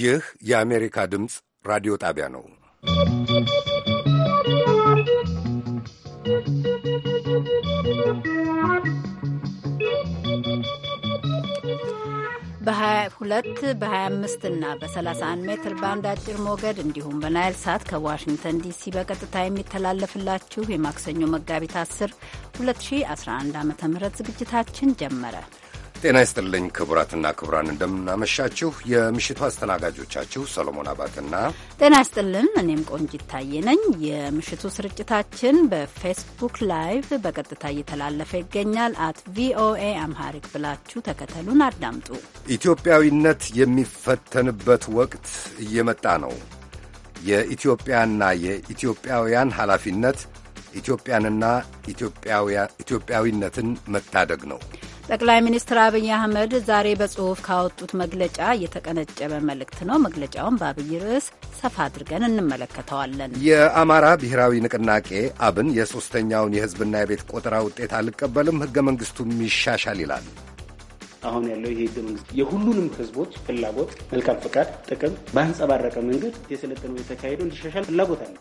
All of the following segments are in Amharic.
ይህ የአሜሪካ ድምፅ ራዲዮ ጣቢያ ነው። በ22 በ25 እና በ31 ሜትር ባንድ አጭር ሞገድ እንዲሁም በናይል ሳት ከዋሽንግተን ዲሲ በቀጥታ የሚተላለፍላችሁ የማክሰኞ መጋቢት 10 2011 ዓ ም ዝግጅታችን ጀመረ። ጤና ይስጥልኝ ክቡራትና ክቡራን፣ እንደምናመሻችሁ። የምሽቱ አስተናጋጆቻችሁ ሰሎሞን አባትና ጤና ይስጥልን፣ እኔም ቆንጂት ታዬ ነኝ። የምሽቱ ስርጭታችን በፌስቡክ ላይቭ በቀጥታ እየተላለፈ ይገኛል። አት ቪኦኤ አምሃሪክ ብላችሁ ተከተሉን፣ አዳምጡ። ኢትዮጵያዊነት የሚፈተንበት ወቅት እየመጣ ነው። የኢትዮጵያና የኢትዮጵያውያን ኃላፊነት ኢትዮጵያንና ኢትዮጵያዊነትን መታደግ ነው። ጠቅላይ ሚኒስትር አብይ አህመድ ዛሬ በጽሁፍ ካወጡት መግለጫ የተቀነጨበ መልእክት ነው። መግለጫውን በአብይ ርዕስ ሰፋ አድርገን እንመለከተዋለን። የአማራ ብሔራዊ ንቅናቄ አብን የሶስተኛውን የህዝብና የቤት ቆጠራ ውጤት አልቀበልም፣ ህገ መንግስቱም ይሻሻል ይላል። አሁን ያለው ይህ ህገ መንግስት የሁሉንም ህዝቦች ፍላጎት፣ መልካም ፈቃድ፣ ጥቅም ባንጸባረቀ መንገድ የሰለጠነው የተካሄደው እንዲሻሻል ፍላጎት አለ።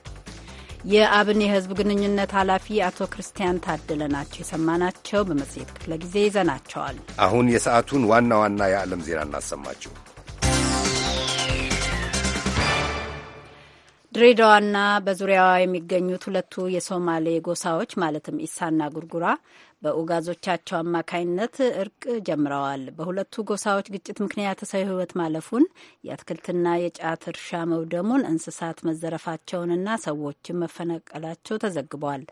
የአብን የህዝብ ግንኙነት ኃላፊ አቶ ክርስቲያን ታደለ ናቸው የሰማናቸው። በመጽሔት ክፍለ ጊዜ ይዘናቸዋል። አሁን የሰዓቱን ዋና ዋና የዓለም ዜና እናሰማችሁ። ድሬዳዋና በዙሪያዋ የሚገኙት ሁለቱ የሶማሌ ጎሳዎች ማለትም ኢሳና ጉርጉራ በኡጋዞቻቸው አማካይነት እርቅ ጀምረዋል። በሁለቱ ጎሳዎች ግጭት ምክንያት ሰው ሕይወት ማለፉን፣ የአትክልትና የጫት እርሻ መውደሙን፣ እንስሳት መዘረፋቸውንና ሰዎችን መፈናቀላቸው ተዘግበዋል።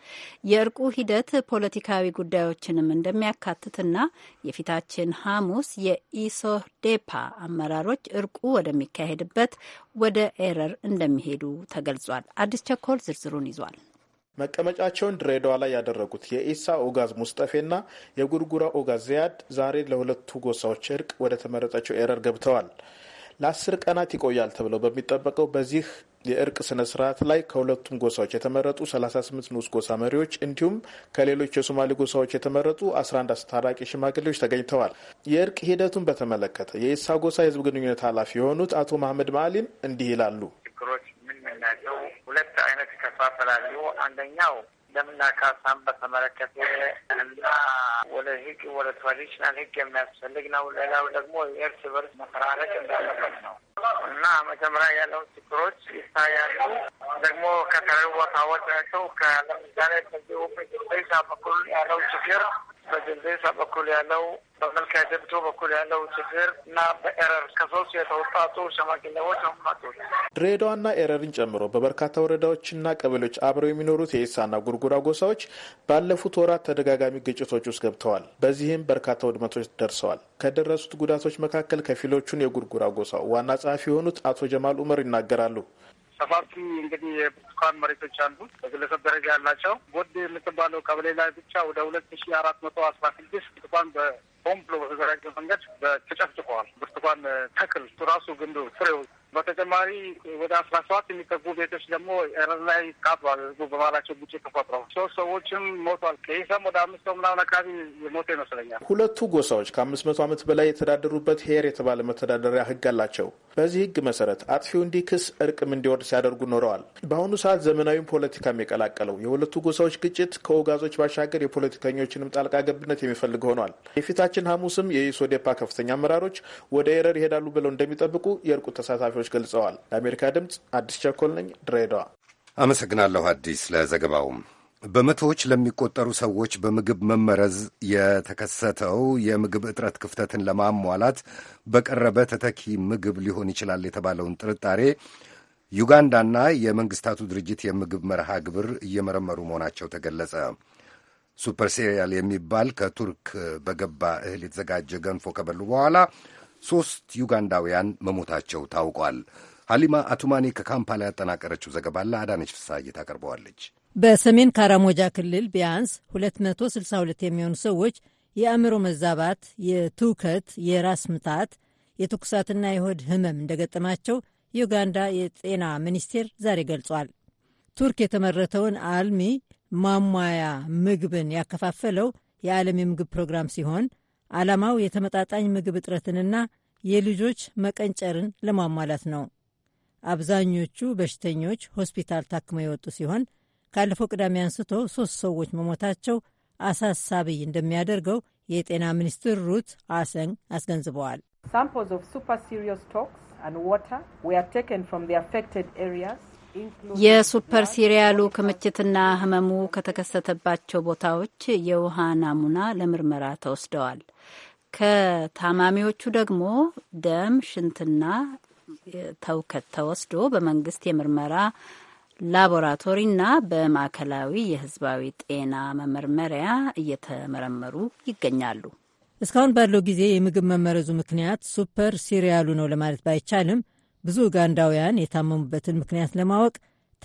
የእርቁ ሂደት ፖለቲካዊ ጉዳዮችንም እንደሚያካትትና የፊታችን ሐሙስ የኢሶዴፓ አመራሮች እርቁ ወደሚካሄድበት ወደ ኤረር እንደሚሄዱ ተገልጿል። አዲስ ቸኮል ዝርዝሩን ይዟል። መቀመጫቸውን ድሬዳዋ ላይ ያደረጉት የኢሳ ኦጋዝ ሙስጠፌና የጉርጉራ ኦጋዝ ዚያድ ዛሬ ለሁለቱ ጎሳዎች እርቅ ወደ ተመረጠችው ኤረር ገብተዋል። ለአስር ቀናት ይቆያል ተብለው በሚጠበቀው በዚህ የእርቅ ስነ ስርዓት ላይ ከሁለቱም ጎሳዎች የተመረጡ 38 ንዑስ ጎሳ መሪዎች እንዲሁም ከሌሎች የሶማሌ ጎሳዎች የተመረጡ 11 አስታራቂ ሽማግሌዎች ተገኝተዋል። የእርቅ ሂደቱን በተመለከተ የኢሳ ጎሳ የህዝብ ግንኙነት ኃላፊ የሆኑት አቶ ማህመድ ማአሊም እንዲህ ይላሉ። ችግሮች ምን ምን ናቸው? ሁለት አይነት ይከፋፈላሉ። አንደኛው ደምና ካሳን በተመለከተ እና ወደ ህግ ወደ ትራዲሽናል ህግ የሚያስፈልግ ነው። ሌላው ደግሞ የእርስ በርስ መፈራረቅ እንዳለበት ነው እና መጀመሪያ ያለውን ችግሮች ይታያሉ። ደግሞ ከተለያዩ ቦታዎች ናቸው። ለምሳሌ በዚህ በኩል ያለው ችግር በግንዴሳ በኩል ያለው በመልካ ጀብቶ በኩል ያለው ችግር እና በኤረር ከሶስት የተወጣጡ ሸማግሌዎች ነው ድሬዳዋና ኤረርን ጨምሮ በበርካታ ወረዳዎችና ቀበሌዎች አብረው የሚኖሩት የኢሳና ጉርጉራ ጎሳዎች ባለፉት ወራት ተደጋጋሚ ግጭቶች ውስጥ ገብተዋል። በዚህም በርካታ ውድመቶች ደርሰዋል። ከደረሱት ጉዳቶች መካከል ከፊሎቹን የጉርጉራ ጎሳ ዋና ጸሐፊ የሆኑት አቶ ጀማል ኡመር ይናገራሉ። ሰፋፊ እንግዲህ የብርቱካን መሬቶች አሉት በግለሰብ ደረጃ ያላቸው ጎድ የምትባለው ቀበሌ ላይ ብቻ ወደ ሁለት ሺ አራት መቶ አስራ ስድስት ብርቱካን በሆም ብሎ በተዘጋጀ መንገድ በተጨፍጭፈዋል። ብርቱካን ተክል ራሱ ግንዱ ፍሬው በተጨማሪ ወደ አስራ ሰባት የሚጠጉ ቤቶች ደግሞ ረር ላይ ቃጥሏል። ህዝቡ በማላቸው ግጭት ተፈጥሮ ሶስት ሰዎችም ሞቷል። ከይሰም ወደ አምስት ሰው ምናምን አካባቢ የሞተ ይመስለኛል። ሁለቱ ጎሳዎች ከአምስት መቶ ዓመት በላይ የተዳደሩበት ሄር የተባለ መተዳደሪያ ህግ አላቸው። በዚህ ህግ መሰረት አጥፊው እንዲክስ እርቅም እንዲወርድ ሲያደርጉ ኖረዋል። በአሁኑ ሰዓት ዘመናዊም ፖለቲካም የቀላቀለው የሁለቱ ጎሳዎች ግጭት ከውጋዞች ባሻገር የፖለቲከኞችንም ጣልቃ ገብነት የሚፈልግ ሆኗል። የፊታችን ሐሙስም የኢሶዴፓ ከፍተኛ አመራሮች ወደ ኤረር ይሄዳሉ ብለው እንደሚጠብቁ የእርቁ ተሳታፊዎች ገልጸዋል። ለአሜሪካ ድምጽ አዲስ ቸኮል ነኝ ድሬዳዋ። አመሰግናለሁ አዲስ ለዘገባውም። በመቶዎች ለሚቆጠሩ ሰዎች በምግብ መመረዝ የተከሰተው የምግብ እጥረት ክፍተትን ለማሟላት በቀረበ ተተኪ ምግብ ሊሆን ይችላል የተባለውን ጥርጣሬ ዩጋንዳና የመንግስታቱ ድርጅት የምግብ መርሃ ግብር እየመረመሩ መሆናቸው ተገለጸ። ሱፐር ሴሪያል የሚባል ከቱርክ በገባ እህል የተዘጋጀ ገንፎ ከበሉ በኋላ ሦስት ዩጋንዳውያን መሞታቸው ታውቋል። ሀሊማ አቱማኒ ከካምፓላ ያጠናቀረችው ዘገባ ለአዳነች ፍሳ ታቀርበዋለች። በሰሜን ካራሞጃ ክልል ቢያንስ 262 የሚሆኑ ሰዎች የአእምሮ መዛባት፣ የትውከት፣ የራስ ምታት፣ የትኩሳትና የሆድ ህመም እንደገጠማቸው የኡጋንዳ የጤና ሚኒስቴር ዛሬ ገልጿል። ቱርክ የተመረተውን አልሚ ማሟያ ምግብን ያከፋፈለው የዓለም የምግብ ፕሮግራም ሲሆን ዓላማው የተመጣጣኝ ምግብ እጥረትንና የልጆች መቀንጨርን ለማሟላት ነው። አብዛኞቹ በሽተኞች ሆስፒታል ታክመው የወጡ ሲሆን ካለፈው ቅዳሜ አንስቶ ሶስት ሰዎች መሞታቸው አሳሳቢ እንደሚያደርገው የጤና ሚኒስትር ሩት አሰን አስገንዝበዋል። የሱፐር ሲሪያሉ ክምችትና ህመሙ ከተከሰተባቸው ቦታዎች የውሃ ናሙና ለምርመራ ተወስደዋል። ከታማሚዎቹ ደግሞ ደም፣ ሽንትና ተውከት ተወስዶ በመንግስት የምርመራ ላቦራቶሪና በማዕከላዊ የሕዝባዊ ጤና መመርመሪያ እየተመረመሩ ይገኛሉ። እስካሁን ባለው ጊዜ የምግብ መመረዙ ምክንያት ሱፐር ሲሪያሉ ነው ለማለት ባይቻልም ብዙ ኡጋንዳውያን የታመሙበትን ምክንያት ለማወቅ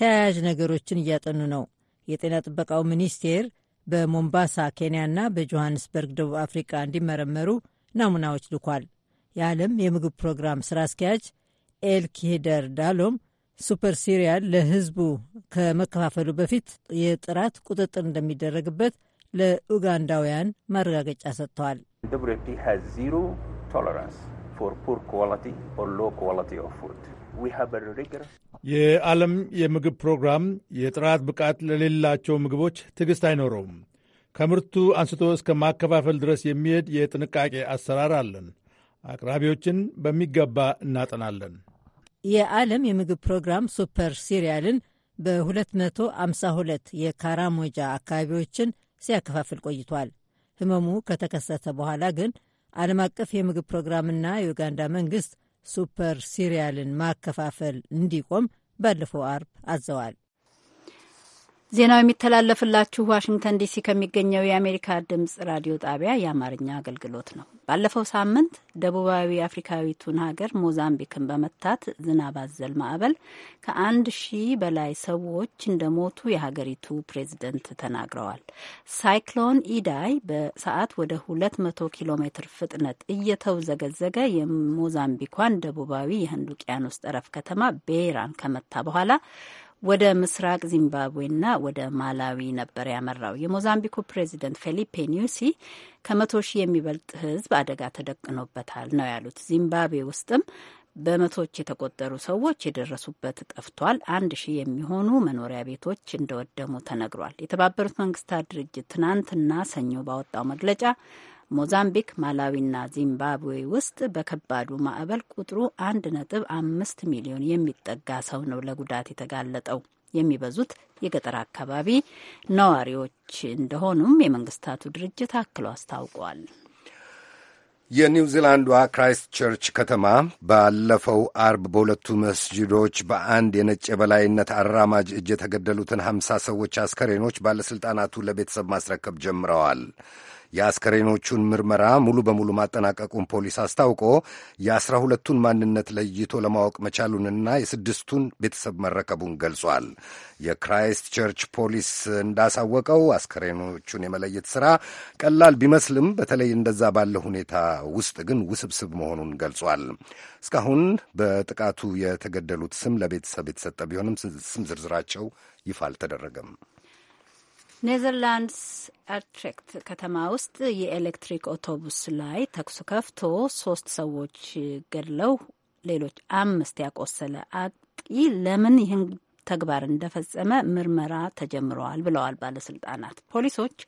ተያያዥ ነገሮችን እያጠኑ ነው። የጤና ጥበቃው ሚኒስቴር በሞምባሳ ኬንያና በጆሃንስበርግ ደቡብ አፍሪካ እንዲመረመሩ ናሙናዎች ልኳል። የዓለም የምግብ ፕሮግራም ስራ አስኪያጅ ኤልኪሄደር ዳሎም ሱፐር ሲሪያል ለህዝቡ ከመከፋፈሉ በፊት የጥራት ቁጥጥር እንደሚደረግበት ለኡጋንዳውያን ማረጋገጫ ሰጥተዋል። የዓለም የምግብ ፕሮግራም የጥራት ብቃት ለሌላቸው ምግቦች ትዕግሥት አይኖረውም። ከምርቱ አንስቶ እስከ ማከፋፈል ድረስ የሚሄድ የጥንቃቄ አሰራር አለን። አቅራቢዎችን በሚገባ እናጠናለን። የዓለም የምግብ ፕሮግራም ሱፐር ሲሪያልን በ252 የካራሞጃ አካባቢዎችን ሲያከፋፍል ቆይቷል። ህመሙ ከተከሰተ በኋላ ግን ዓለም አቀፍ የምግብ ፕሮግራምና የኡጋንዳ መንግስት ሱፐር ሲሪያልን ማከፋፈል እንዲቆም ባለፈው አርብ አዘዋል። ዜናው የሚተላለፍላችሁ ዋሽንግተን ዲሲ ከሚገኘው የአሜሪካ ድምጽ ራዲዮ ጣቢያ የአማርኛ አገልግሎት ነው። ባለፈው ሳምንት ደቡባዊ አፍሪካዊቱን ሀገር ሞዛምቢክን በመታት ዝናብ አዘል ማዕበል ከአንድ ሺህ በላይ ሰዎች እንደሞቱ የሀገሪቱ ፕሬዝደንት ተናግረዋል። ሳይክሎን ኢዳይ በሰዓት ወደ ሁለት መቶ ኪሎ ሜትር ፍጥነት እየተውዘገዘገ የሞዛምቢኳን ደቡባዊ የህንድ ውቅያኖስ ጠረፍ ከተማ ቤራን ከመታ በኋላ ወደ ምስራቅ ዚምባብዌና ወደ ማላዊ ነበር ያመራው። የሞዛምቢኩ ፕሬዚደንት ፌሊፔ ኒውሲ ከመቶ ሺህ የሚበልጥ ሕዝብ አደጋ ተደቅኖበታል ነው ያሉት። ዚምባብዌ ውስጥም በመቶዎች የተቆጠሩ ሰዎች የደረሱበት ጠፍቷል። አንድ ሺህ የሚሆኑ መኖሪያ ቤቶች እንደወደሙ ተነግሯል። የተባበሩት መንግስታት ድርጅት ትናንትና ሰኞ ባወጣው መግለጫ ሞዛምቢክ፣ ማላዊና ዚምባብዌ ውስጥ በከባዱ ማዕበል ቁጥሩ አንድ ነጥብ አምስት ሚሊዮን የሚጠጋ ሰው ነው ለጉዳት የተጋለጠው። የሚበዙት የገጠር አካባቢ ነዋሪዎች እንደሆኑም የመንግስታቱ ድርጅት አክሎ አስታውቋል። የኒውዚላንዷ ክራይስት ቸርች ከተማ ባለፈው አርብ በሁለቱ መስጂዶች በአንድ የነጭ የበላይነት አራማጅ እጅ የተገደሉትን ሀምሳ ሰዎች አስከሬኖች ባለሥልጣናቱ ለቤተሰብ ማስረከብ ጀምረዋል። የአስከሬኖቹን ምርመራ ሙሉ በሙሉ ማጠናቀቁን ፖሊስ አስታውቆ የአስራ ሁለቱን ማንነት ለይቶ ለማወቅ መቻሉንና የስድስቱን ቤተሰብ መረከቡን ገልጿል። የክራይስት ቸርች ፖሊስ እንዳሳወቀው አስከሬኖቹን የመለየት ሥራ ቀላል ቢመስልም በተለይ እንደዛ ባለ ሁኔታ ውስጥ ግን ውስብስብ መሆኑን ገልጿል። እስካሁን በጥቃቱ የተገደሉት ስም ለቤተሰብ የተሰጠ ቢሆንም ስም ዝርዝራቸው ይፋ አልተደረገም። ኔዘርላንድስ አትሬክት ከተማ ውስጥ የኤሌክትሪክ አውቶቡስ ላይ ተኩስ ከፍቶ ሶስት ሰዎች ገድለው ሌሎች አምስት ያቆሰለ አጥቂ ለምን ይህን ተግባር እንደፈጸመ ምርመራ ተጀምረዋል ብለዋል ባለስልጣናት። ፖሊሶች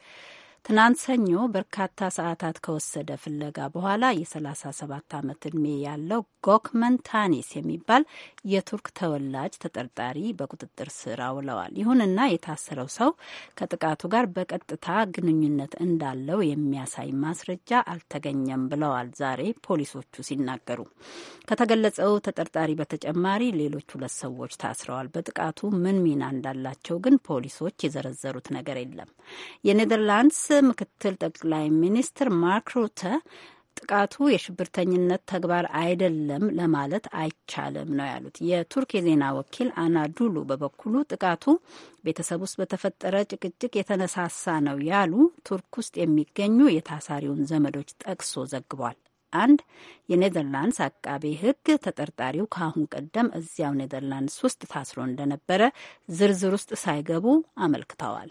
ትናንት ሰኞ በርካታ ሰዓታት ከወሰደ ፍለጋ በኋላ የ37 ዓመት ዕድሜ ያለው ጎክመን የሚባል የቱርክ ተወላጅ ተጠርጣሪ በቁጥጥር ስር አውለዋል። ይሁንና የታሰረው ሰው ከጥቃቱ ጋር በቀጥታ ግንኙነት እንዳለው የሚያሳይ ማስረጃ አልተገኘም ብለዋል ዛሬ ፖሊሶቹ ሲናገሩ። ከተገለጸው ተጠርጣሪ በተጨማሪ ሌሎች ሁለት ሰዎች ታስረዋል። በጥቃቱ ምን ሚና እንዳላቸው ግን ፖሊሶች የዘረዘሩት ነገር የለም። የኔደርላንድስ ምክትል ጠቅላይ ሚኒስትር ማርክ ሩተ ጥቃቱ የሽብርተኝነት ተግባር አይደለም ለማለት አይቻልም ነው ያሉት። የቱርክ የዜና ወኪል አናዱሉ በበኩሉ ጥቃቱ ቤተሰብ ውስጥ በተፈጠረ ጭቅጭቅ የተነሳሳ ነው ያሉ ቱርክ ውስጥ የሚገኙ የታሳሪውን ዘመዶች ጠቅሶ ዘግቧል። አንድ የኔዘርላንድስ አቃቤ ሕግ ተጠርጣሪው ከአሁን ቀደም እዚያው ኔዘርላንድስ ውስጥ ታስሮ እንደነበረ ዝርዝር ውስጥ ሳይገቡ አመልክተዋል።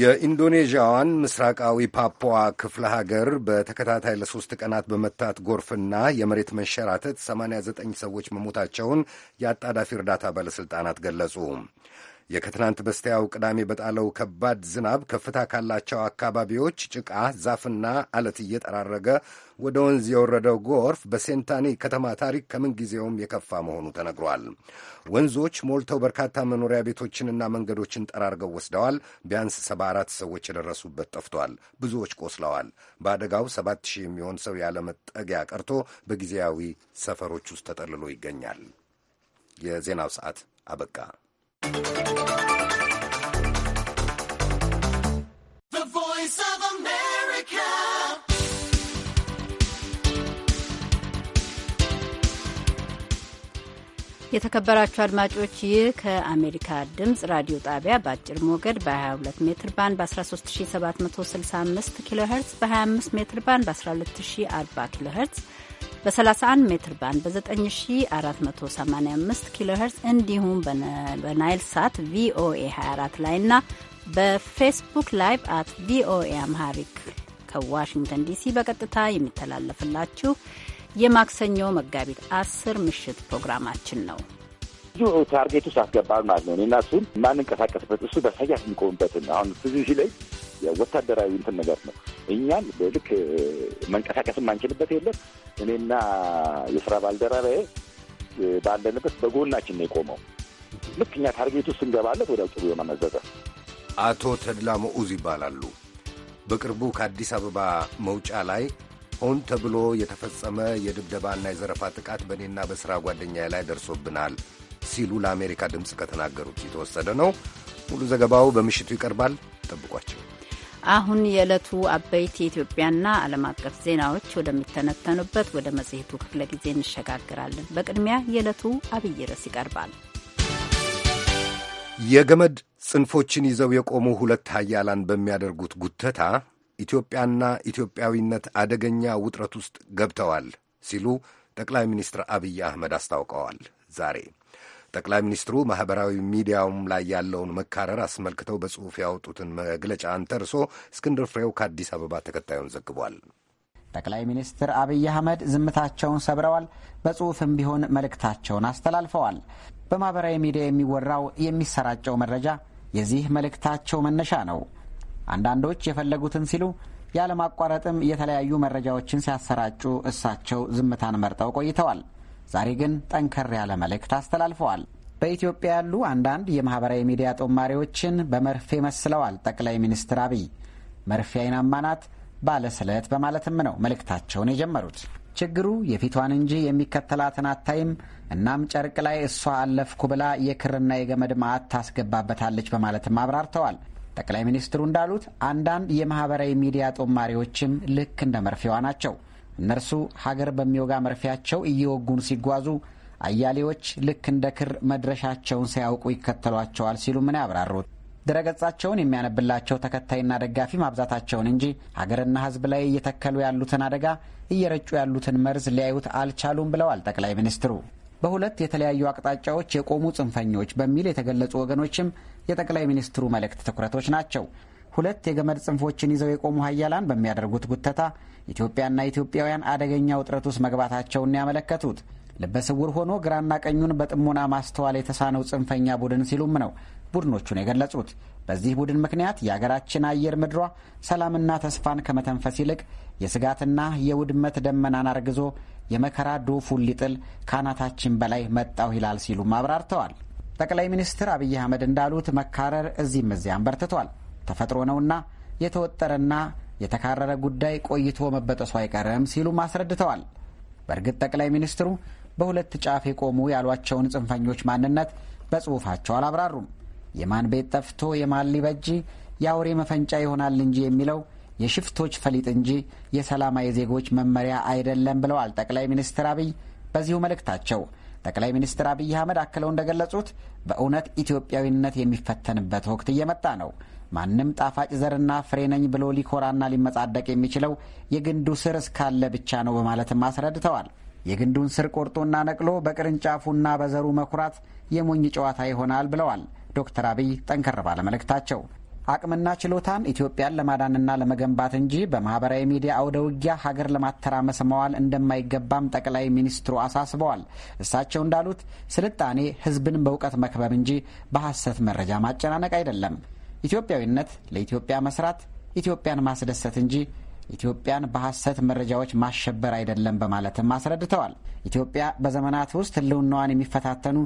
የኢንዶኔዥያዋን ምስራቃዊ ፓፑዋ ክፍለ ሀገር በተከታታይ ለሶስት ቀናት በመታት ጎርፍና የመሬት መንሸራተት 89 ሰዎች መሞታቸውን የአጣዳፊ እርዳታ ባለሥልጣናት ገለጹ። የከትናንት በስቲያው ቅዳሜ በጣለው ከባድ ዝናብ ከፍታ ካላቸው አካባቢዎች ጭቃ፣ ዛፍና አለት እየጠራረገ ወደ ወንዝ የወረደው ጎርፍ በሴንታኒ ከተማ ታሪክ ከምንጊዜውም የከፋ መሆኑ ተነግሯል። ወንዞች ሞልተው በርካታ መኖሪያ ቤቶችንና መንገዶችን ጠራርገው ወስደዋል። ቢያንስ ሰባ አራት ሰዎች የደረሱበት ጠፍቷል። ብዙዎች ቆስለዋል። በአደጋው ሰባት ሺህ የሚሆን ሰው ያለመጠጊያ ቀርቶ በጊዜያዊ ሰፈሮች ውስጥ ተጠልሎ ይገኛል። የዜናው ሰዓት አበቃ። የተከበራችሁ አድማጮች ይህ ከአሜሪካ ድምፅ ራዲዮ ጣቢያ በአጭር ሞገድ በ22 ሜትር ባንድ በ13765 ኪሎ ሄርትስ በ25 ሜትር ባንድ በ1240 ኪሎ ሄርትስ በ31 ሜትር ባንድ በ9485 ኪሎ ሄርስ እንዲሁም በናይል ሳት ቪኦኤ 24 ላይ እና በፌስቡክ ላይቭ አት ቪኦኤ አምሃሪክ ከዋሽንግተን ዲሲ በቀጥታ የሚተላለፍላችሁ የማክሰኞ መጋቢት አስር ምሽት ፕሮግራማችን ነው። ብዙ ታርጌት ውስጥ አስገባል ማለት ነው እና እሱን ማንንቀሳቀስበት እሱ በሳያት የሚቆምበትን አሁን ብዙ ላይ ወታደራዊ እንትን ነገር ነው እኛም ልክ መንቀሳቀስ የማንችልበት የለም። እኔና የስራ ባልደረባዬ ባለንበት በጎናችን ነው የቆመው። ልክ እኛ ታርጌት ውስጥ እንገባለት ወደ ጭሩ የመመዘጠ አቶ ተድላ መዑዝ ይባላሉ። በቅርቡ ከአዲስ አበባ መውጫ ላይ ሆን ተብሎ የተፈጸመ የድብደባና የዘረፋ ጥቃት በእኔና በሥራ ጓደኛዬ ላይ ደርሶብናል ሲሉ ለአሜሪካ ድምፅ ከተናገሩት የተወሰደ ነው። ሙሉ ዘገባው በምሽቱ ይቀርባል። ጠብቋቸው። አሁን የዕለቱ አበይት የኢትዮጵያና ዓለም አቀፍ ዜናዎች ወደሚተነተኑበት ወደ መጽሔቱ ክፍለ ጊዜ እንሸጋግራለን። በቅድሚያ የዕለቱ አብይ ርዕስ ይቀርባል። የገመድ ጽንፎችን ይዘው የቆሙ ሁለት ሀያላን በሚያደርጉት ጉተታ ኢትዮጵያና ኢትዮጵያዊነት አደገኛ ውጥረት ውስጥ ገብተዋል ሲሉ ጠቅላይ ሚኒስትር አብይ አህመድ አስታውቀዋል ዛሬ ጠቅላይ ሚኒስትሩ ማኅበራዊ ሚዲያውም ላይ ያለውን መካረር አስመልክተው በጽሑፍ ያወጡትን መግለጫ አንተርሶ እስክንድር ፍሬው ከአዲስ አበባ ተከታዩን ዘግቧል። ጠቅላይ ሚኒስትር አብይ አህመድ ዝምታቸውን ሰብረዋል። በጽሑፍም ቢሆን መልእክታቸውን አስተላልፈዋል። በማኅበራዊ ሚዲያ የሚወራው የሚሰራጨው መረጃ የዚህ መልእክታቸው መነሻ ነው። አንዳንዶች የፈለጉትን ሲሉ ያለማቋረጥም የተለያዩ መረጃዎችን ሲያሰራጩ እሳቸው ዝምታን መርጠው ቆይተዋል። ዛሬ ግን ጠንከር ያለ መልእክት አስተላልፈዋል። በኢትዮጵያ ያሉ አንዳንድ የማህበራዊ ሚዲያ ጦማሪዎችን በመርፌ መስለዋል ጠቅላይ ሚኒስትር አብይ። መርፌ አይናማ ናት ባለስለት በማለትም ነው መልእክታቸውን የጀመሩት። ችግሩ የፊቷን እንጂ የሚከተላትን አታይም። እናም ጨርቅ ላይ እሷ አለፍኩ ብላ የክርና የገመድ ማዕት ታስገባበታለች በማለትም አብራርተዋል። ጠቅላይ ሚኒስትሩ እንዳሉት አንዳንድ የማህበራዊ ሚዲያ ጦማሪዎችም ልክ እንደ መርፌዋ ናቸው። እነርሱ ሀገር በሚወጋ መርፊያቸው እየወጉን ሲጓዙ አያሌዎች ልክ እንደ ክር መድረሻቸውን ሳያውቁ ይከተሏቸዋል ሲሉ ምን ያብራሩት ድረገጻቸውን የሚያነብላቸው ተከታይና ደጋፊ ማብዛታቸውን እንጂ ሀገርና ሕዝብ ላይ እየተከሉ ያሉትን አደጋ እየረጩ ያሉትን መርዝ ሊያዩት አልቻሉም ብለዋል ጠቅላይ ሚኒስትሩ። በሁለት የተለያዩ አቅጣጫዎች የቆሙ ጽንፈኞች በሚል የተገለጹ ወገኖችም የጠቅላይ ሚኒስትሩ መልእክት ትኩረቶች ናቸው። ሁለት የገመድ ጽንፎችን ይዘው የቆሙ ሀያላን በሚያደርጉት ጉተታ ኢትዮጵያና ኢትዮጵያውያን አደገኛ ውጥረት ውስጥ መግባታቸውን ያመለከቱት ልበስውር ሆኖ ግራና ቀኙን በጥሞና ማስተዋል የተሳነው ጽንፈኛ ቡድን ሲሉም ነው ቡድኖቹን የገለጹት። በዚህ ቡድን ምክንያት የአገራችን አየር ምድሯ ሰላምና ተስፋን ከመተንፈስ ይልቅ የስጋትና የውድመት ደመናን አርግዞ የመከራ ዶፉን ሊጥል ከአናታችን በላይ መጣው ይላል ሲሉም አብራርተዋል። ጠቅላይ ሚኒስትር አብይ አህመድ እንዳሉት መካረር እዚህም እዚያም በርትቷል። ተፈጥሮ ነውና የተወጠረና የተካረረ ጉዳይ ቆይቶ መበጠሱ አይቀርም ሲሉም አስረድተዋል። በእርግጥ ጠቅላይ ሚኒስትሩ በሁለት ጫፍ የቆሙ ያሏቸውን ጽንፈኞች ማንነት በጽሑፋቸው አላብራሩም። የማን ቤት ጠፍቶ የማን ሊበጂ የአውሬ መፈንጫ ይሆናል እንጂ የሚለው የሽፍቶች ፈሊጥ እንጂ የሰላማዊ ዜጎች መመሪያ አይደለም ብለዋል ጠቅላይ ሚኒስትር አብይ በዚሁ መልእክታቸው። ጠቅላይ ሚኒስትር አብይ አህመድ አክለው እንደገለጹት በእውነት ኢትዮጵያዊነት የሚፈተንበት ወቅት እየመጣ ነው። ማንም ጣፋጭ ዘርና ፍሬ ነኝ ብሎ ሊኮራና ሊመጻደቅ የሚችለው የግንዱ ስር እስካለ ብቻ ነው በማለትም አስረድተዋል። የግንዱን ስር ቆርጦና ነቅሎ በቅርንጫፉና በዘሩ መኩራት የሞኝ ጨዋታ ይሆናል ብለዋል ዶክተር አብይ ጠንከር ባለ መልእክታቸው። አቅምና ችሎታን ኢትዮጵያን ለማዳንና ለመገንባት እንጂ በማህበራዊ ሚዲያ አውደ ውጊያ ሀገር ለማተራመስ መዋል እንደማይገባም ጠቅላይ ሚኒስትሩ አሳስበዋል። እሳቸው እንዳሉት ስልጣኔ ሕዝብን በእውቀት መክበብ እንጂ በሐሰት መረጃ ማጨናነቅ አይደለም። ኢትዮጵያዊነት ለኢትዮጵያ መስራት፣ ኢትዮጵያን ማስደሰት እንጂ ኢትዮጵያን በሐሰት መረጃዎች ማሸበር አይደለም በማለትም አስረድተዋል። ኢትዮጵያ በዘመናት ውስጥ ሕልውናዋን የሚፈታተኑ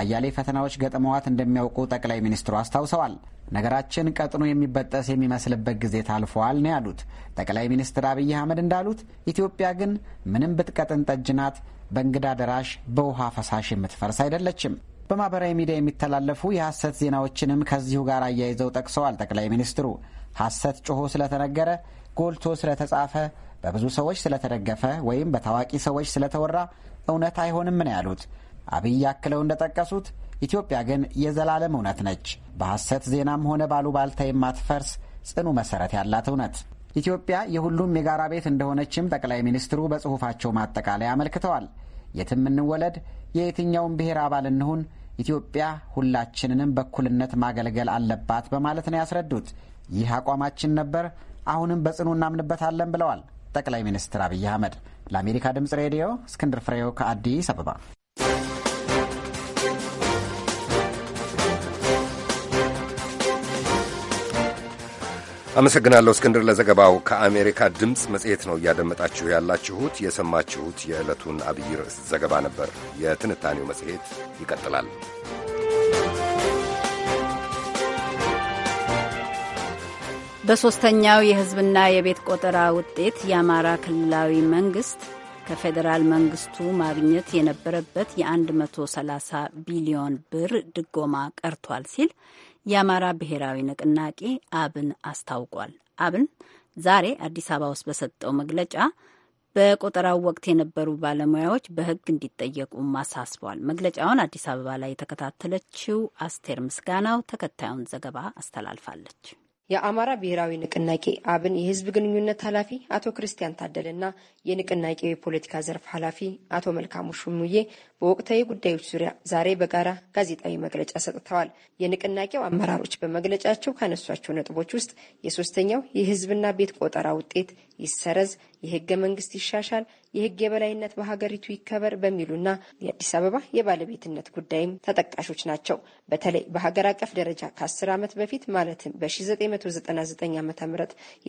አያሌ ፈተናዎች ገጥመዋት እንደሚያውቁ ጠቅላይ ሚኒስትሩ አስታውሰዋል። ነገራችን ቀጥኖ የሚበጠስ የሚመስልበት ጊዜ ታልፈዋል ነው ያሉት ጠቅላይ ሚኒስትር አብይ አህመድ እንዳሉት ኢትዮጵያ ግን ምንም ብትቀጥን ጠጅናት በእንግዳ ደራሽ በውሃ ፈሳሽ የምትፈርስ አይደለችም። በማህበራዊ ሚዲያ የሚተላለፉ የሐሰት ዜናዎችንም ከዚሁ ጋር አያይዘው ጠቅሰዋል። ጠቅላይ ሚኒስትሩ ሐሰት ጮሆ ስለተነገረ፣ ጎልቶ ስለተጻፈ፣ በብዙ ሰዎች ስለተደገፈ ወይም በታዋቂ ሰዎች ስለተወራ እውነት አይሆንም ነው ያሉት። አብይ አክለው እንደጠቀሱት ኢትዮጵያ ግን የዘላለም እውነት ነች። በሐሰት ዜናም ሆነ ባሉባልታ የማትፈርስ ጽኑ መሰረት ያላት እውነት። ኢትዮጵያ የሁሉም የጋራ ቤት እንደሆነችም ጠቅላይ ሚኒስትሩ በጽሑፋቸው ማጠቃለያ አመልክተዋል። የትም እንወለድ፣ የየትኛውም ብሔር አባል እንሁን ኢትዮጵያ ሁላችንንም በእኩልነት ማገልገል አለባት በማለት ነው ያስረዱት። ይህ አቋማችን ነበር፣ አሁንም በጽኑ እናምንበታለን ብለዋል ጠቅላይ ሚኒስትር አብይ አህመድ። ለአሜሪካ ድምፅ ሬዲዮ እስክንድር ፍሬው ከአዲስ አበባ አመሰግናለሁ እስክንድር ለዘገባው። ከአሜሪካ ድምፅ መጽሔት ነው እያደመጣችሁ ያላችሁት። የሰማችሁት የዕለቱን አብይ ርዕስ ዘገባ ነበር። የትንታኔው መጽሔት ይቀጥላል። በሦስተኛው የሕዝብና የቤት ቆጠራ ውጤት የአማራ ክልላዊ መንግሥት ከፌዴራል መንግስቱ ማግኘት የነበረበት የ130 ቢሊዮን ብር ድጎማ ቀርቷል ሲል የአማራ ብሔራዊ ንቅናቄ አብን አስታውቋል። አብን ዛሬ አዲስ አበባ ውስጥ በሰጠው መግለጫ በቆጠራው ወቅት የነበሩ ባለሙያዎች በሕግ እንዲጠየቁ አሳስቧል። መግለጫውን አዲስ አበባ ላይ የተከታተለችው አስቴር ምስጋናው ተከታዩን ዘገባ አስተላልፋለች። የአማራ ብሔራዊ ንቅናቄ አብን የህዝብ ግንኙነት ኃላፊ አቶ ክርስቲያን ታደለና የንቅናቄው የፖለቲካ ዘርፍ ኃላፊ አቶ መልካሙ ሹሙዬ በወቅታዊ ጉዳዮች ዙሪያ ዛሬ በጋራ ጋዜጣዊ መግለጫ ሰጥተዋል። የንቅናቄው አመራሮች በመግለጫቸው ካነሷቸው ነጥቦች ውስጥ የሶስተኛው የህዝብና ቤት ቆጠራ ውጤት ይሰረዝ፣ የህገ መንግስት ይሻሻል፣ የህግ የበላይነት በሀገሪቱ ይከበር በሚሉና የአዲስ አበባ የባለቤትነት ጉዳይም ተጠቃሾች ናቸው። በተለይ በሀገር አቀፍ ደረጃ ከአስር ዓመት በፊት ማለትም በ1999 ዓ ም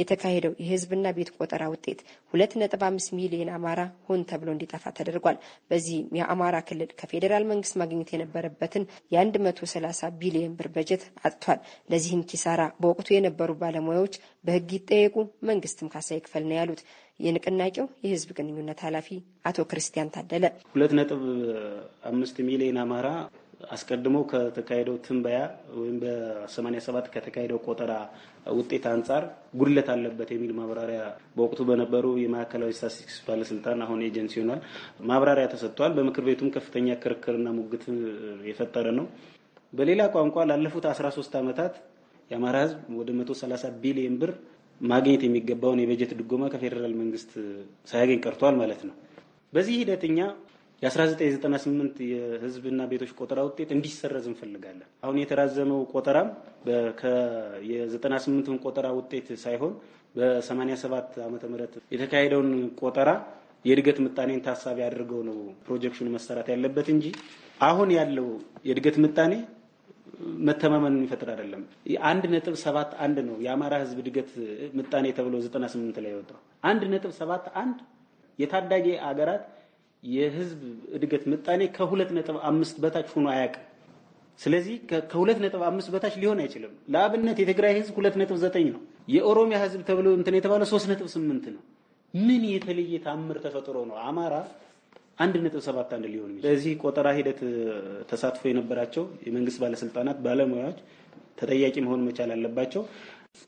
የተካሄደው የህዝብና ቤት ቆጠራ ውጤት 2.5 ሚሊዮን አማራ ሆን ተብሎ እንዲጠፋ ተደርጓል። በዚህም የአማራ ክልል ከፌዴራል መንግስት ማግኘት የነበረበትን የ130 ቢሊዮን ብር በጀት አጥቷል። ለዚህም ኪሳራ በወቅቱ የነበሩ ባለሙያዎች በህግ ይጠየቁ፣ መንግስትም ካሳ ይክፈል ነው ያሉት። የንቅናቄው የህዝብ ግንኙነት ኃላፊ አቶ ክርስቲያን ታደለ ሁለት ነጥብ አምስት ሚሊዮን አማራ አስቀድሞ ከተካሄደው ትንበያ ወይም በ ሰባት ከተካሄደው ቆጠራ ውጤት አንጻር ጉድለት አለበት የሚል ማብራሪያ በወቅቱ በነበሩ የማዕከላዊ ስታቲስቲክስ ባለስልጣን አሁን ኤጀንሲ ሆኗል ማብራሪያ ተሰጥቷል። በምክር ቤቱም ከፍተኛ ክርክርና ሙግት የፈጠረ ነው። በሌላ ቋንቋ ላለፉት አስራ ሶስት ዓመታት የአማራ ህዝብ ወደ መቶ ሰላሳ ቢሊየን ብር ማግኘት የሚገባውን የበጀት ድጎማ ከፌዴራል መንግስት ሳያገኝ ቀርቷል ማለት ነው። በዚህ ሂደት እኛ የ1998 የህዝብና ቤቶች ቆጠራ ውጤት እንዲሰረዝ እንፈልጋለን። አሁን የተራዘመው ቆጠራም የ98ን ቆጠራ ውጤት ሳይሆን በ87 ዓመተ ምህረት የተካሄደውን ቆጠራ የእድገት ምጣኔን ታሳቢ አድርገው ነው ፕሮጀክሽኑ መሰራት ያለበት እንጂ አሁን ያለው የእድገት ምጣኔ መተማመንን የሚፈጥር አይደለም። አንድ ነጥብ ሰባት አንድ ነው የአማራ ህዝብ እድገት ምጣኔ ተብሎ ዘጠና ስምንት ላይ የወጣው አንድ ነጥብ ሰባት አንድ የታዳጊ አገራት የህዝብ እድገት ምጣኔ ከሁለት ነጥብ አምስት በታች ሆኖ አያውቅም። ስለዚህ ከሁለት ነጥብ አምስት በታች ሊሆን አይችልም። ለአብነት የትግራይ ህዝብ ሁለት ነጥብ ዘጠኝ ነው። የኦሮሚያ ህዝብ ተብሎ እንትን የተባለ ሶስት ነጥብ ስምንት ነው። ምን የተለየ ታምር ተፈጥሮ ነው አማራ አንድ ነጥብ ሰባት አንድ ሊሆን በዚህ ቆጠራ ሂደት ተሳትፎ የነበራቸው የመንግስት ባለስልጣናት፣ ባለሙያዎች ተጠያቂ መሆን መቻል አለባቸው።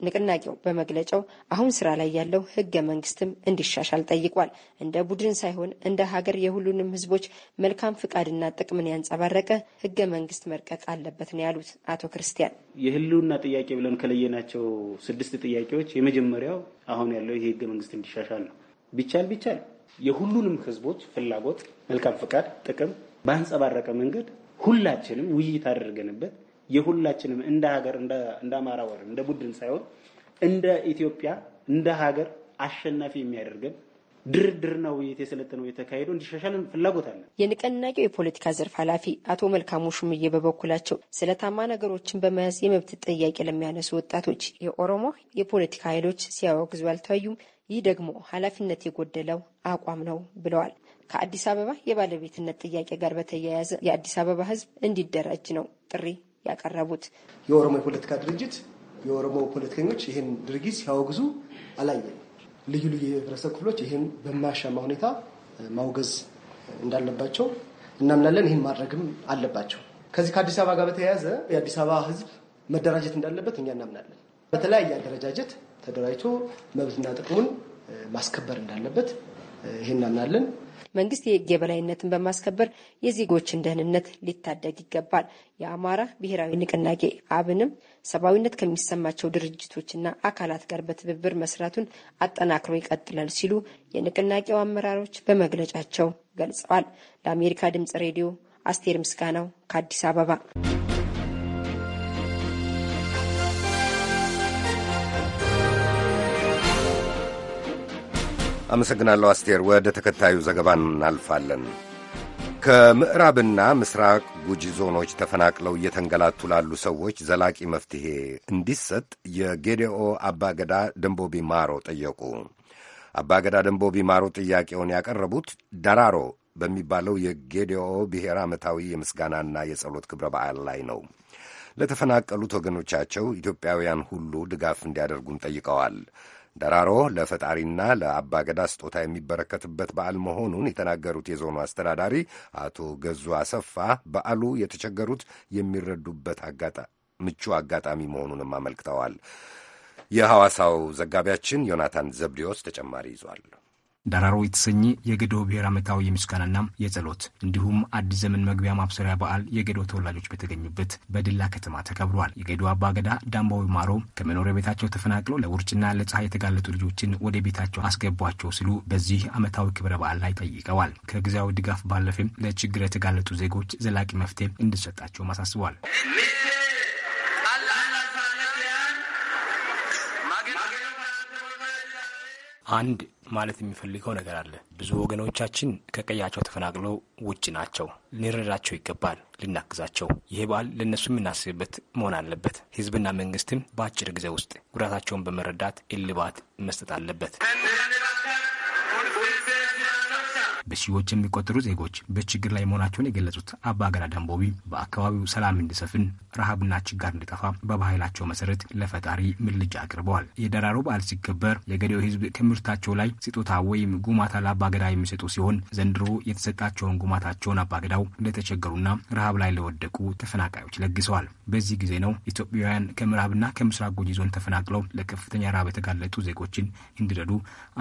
ንቅናቄው በመግለጫው አሁን ስራ ላይ ያለው ህገ መንግስትም እንዲሻሻል ጠይቋል። እንደ ቡድን ሳይሆን እንደ ሀገር የሁሉንም ህዝቦች መልካም ፍቃድና ጥቅምን ያንጸባረቀ ህገ መንግስት መርቀቅ አለበት ነው ያሉት አቶ ክርስቲያን። የህልውና ጥያቄ ብለን ከለየናቸው ስድስት ጥያቄዎች የመጀመሪያው አሁን ያለው ይህ ህገ መንግስት እንዲሻሻል ነው። ቢቻል ቢቻል የሁሉንም ህዝቦች ፍላጎት፣ መልካም ፈቃድ፣ ጥቅም ባንጸባረቀ መንገድ ሁላችንም ውይይት አደረገንበት የሁላችንም እንደ ሀገር እንደ አማራ ወር እንደ ቡድን ሳይሆን እንደ ኢትዮጵያ እንደ ሀገር አሸናፊ የሚያደርገን ድርድርና ውይይት የሰለጠነው የተካሄደው እንዲሻሻልን ፍላጎት አለ። የንቅናቄው የፖለቲካ ዘርፍ ኃላፊ አቶ መልካሙ ሹምዬ በበኩላቸው ስለታማ ነገሮችን በመያዝ የመብት ጥያቄ ለሚያነሱ ወጣቶች የኦሮሞ የፖለቲካ ኃይሎች ሲያወግዙ አልተወዩም። ይህ ደግሞ ኃላፊነት የጎደለው አቋም ነው ብለዋል። ከአዲስ አበባ የባለቤትነት ጥያቄ ጋር በተያያዘ የአዲስ አበባ ሕዝብ እንዲደራጅ ነው ጥሪ ያቀረቡት። የኦሮሞ የፖለቲካ ድርጅት የኦሮሞ ፖለቲከኞች ይህን ድርጊት ሲያወግዙ አላየን። ልዩ ልዩ የህብረተሰብ ክፍሎች ይህን በማያሻማ ሁኔታ ማውገዝ እንዳለባቸው እናምናለን። ይህን ማድረግም አለባቸው። ከዚህ ከአዲስ አበባ ጋር በተያያዘ የአዲስ አበባ ህዝብ መደራጀት እንዳለበት እኛ እናምናለን። በተለያየ አደረጃጀት ተደራጅቶ መብትና ጥቅሙን ማስከበር እንዳለበት ይህን እናምናለን። መንግስት የህግ የበላይነትን በማስከበር የዜጎችን ደህንነት ሊታደግ ይገባል። የአማራ ብሔራዊ ንቅናቄ አብንም ሰብአዊነት ከሚሰማቸው ድርጅቶችና አካላት ጋር በትብብር መስራቱን አጠናክሮ ይቀጥላል ሲሉ የንቅናቄው አመራሮች በመግለጫቸው ገልጸዋል። ለአሜሪካ ድምጽ ሬዲዮ አስቴር ምስጋናው ከአዲስ አበባ አመሰግናለሁ አስቴር። ወደ ተከታዩ ዘገባ እናልፋለን። ከምዕራብና ምስራቅ ጉጂ ዞኖች ተፈናቅለው እየተንገላቱ ላሉ ሰዎች ዘላቂ መፍትሄ እንዲሰጥ የጌዴኦ አባገዳ ደንቦቢ ማሮ ጠየቁ። አባገዳ ደንቦቢ ማሮ ጥያቄውን ያቀረቡት ደራሮ በሚባለው የጌዴኦ ብሔር ዓመታዊ የምስጋናና የጸሎት ክብረ በዓል ላይ ነው። ለተፈናቀሉት ወገኖቻቸው ኢትዮጵያውያን ሁሉ ድጋፍ እንዲያደርጉም ጠይቀዋል። ደራሮ ለፈጣሪና ለአባገዳ ስጦታ የሚበረከትበት በዓል መሆኑን የተናገሩት የዞኑ አስተዳዳሪ አቶ ገዙ አሰፋ በዓሉ የተቸገሩት የሚረዱበት ምቹ አጋጣሚ መሆኑንም አመልክተዋል። የሐዋሳው ዘጋቢያችን ዮናታን ዘብዴዎስ ተጨማሪ ይዟል። ዳራሮ የተሰኘ የገዶ ብሔር ዓመታዊ የምስጋናና የጸሎት እንዲሁም አዲስ ዘመን መግቢያ ማብሰሪያ በዓል የገዶ ተወላጆች በተገኙበት በድላ ከተማ ተከብሯል። የገዶ አባገዳ ዳምባዊ ማሮ ከመኖሪያ ቤታቸው ተፈናቅለው ለውርጭና ለፀሐይ የተጋለጡ ልጆችን ወደ ቤታቸው አስገቧቸው ሲሉ በዚህ ዓመታዊ ክብረ በዓል ላይ ጠይቀዋል። ከጊዜያዊ ድጋፍ ባለፈም ለችግር የተጋለጡ ዜጎች ዘላቂ መፍትሄ እንዲሰጣቸውም አሳስቧል። አንድ ማለት የሚፈልገው ነገር አለ። ብዙ ወገኖቻችን ከቀያቸው ተፈናቅለው ውጭ ናቸው። ልንረዳቸው ይገባል፣ ልናግዛቸው። ይሄ በዓል ለእነሱ የምናስብበት መሆን አለበት። ህዝብና መንግስትም በአጭር ጊዜ ውስጥ ጉዳታቸውን በመረዳት እልባት መስጠት አለበት። በሺዎች የሚቆጠሩ ዜጎች በችግር ላይ መሆናቸውን የገለጹት አባ ገዳ ደንቦቢ በአካባቢው ሰላም እንዲሰፍን ረሃብና ችጋር እንዲጠፋ በባህላቸው መሰረት ለፈጣሪ ምልጃ አቅርበዋል። የደራሮ በዓል ሲከበር የገዲዮ ሕዝብ ከምርታቸው ላይ ስጦታ ወይም ጉማታ ለአባ ገዳ የሚሰጡ ሲሆን ዘንድሮ የተሰጣቸውን ጉማታቸውን አባ ገዳው ለተቸገሩና ረሃብ ላይ ለወደቁ ተፈናቃዮች ለግሰዋል። በዚህ ጊዜ ነው ኢትዮጵያውያን ከምዕራብና ከምስራቅ ጉጂ ዞን ተፈናቅለው ለከፍተኛ ረሃብ የተጋለጡ ዜጎችን እንዲረዱ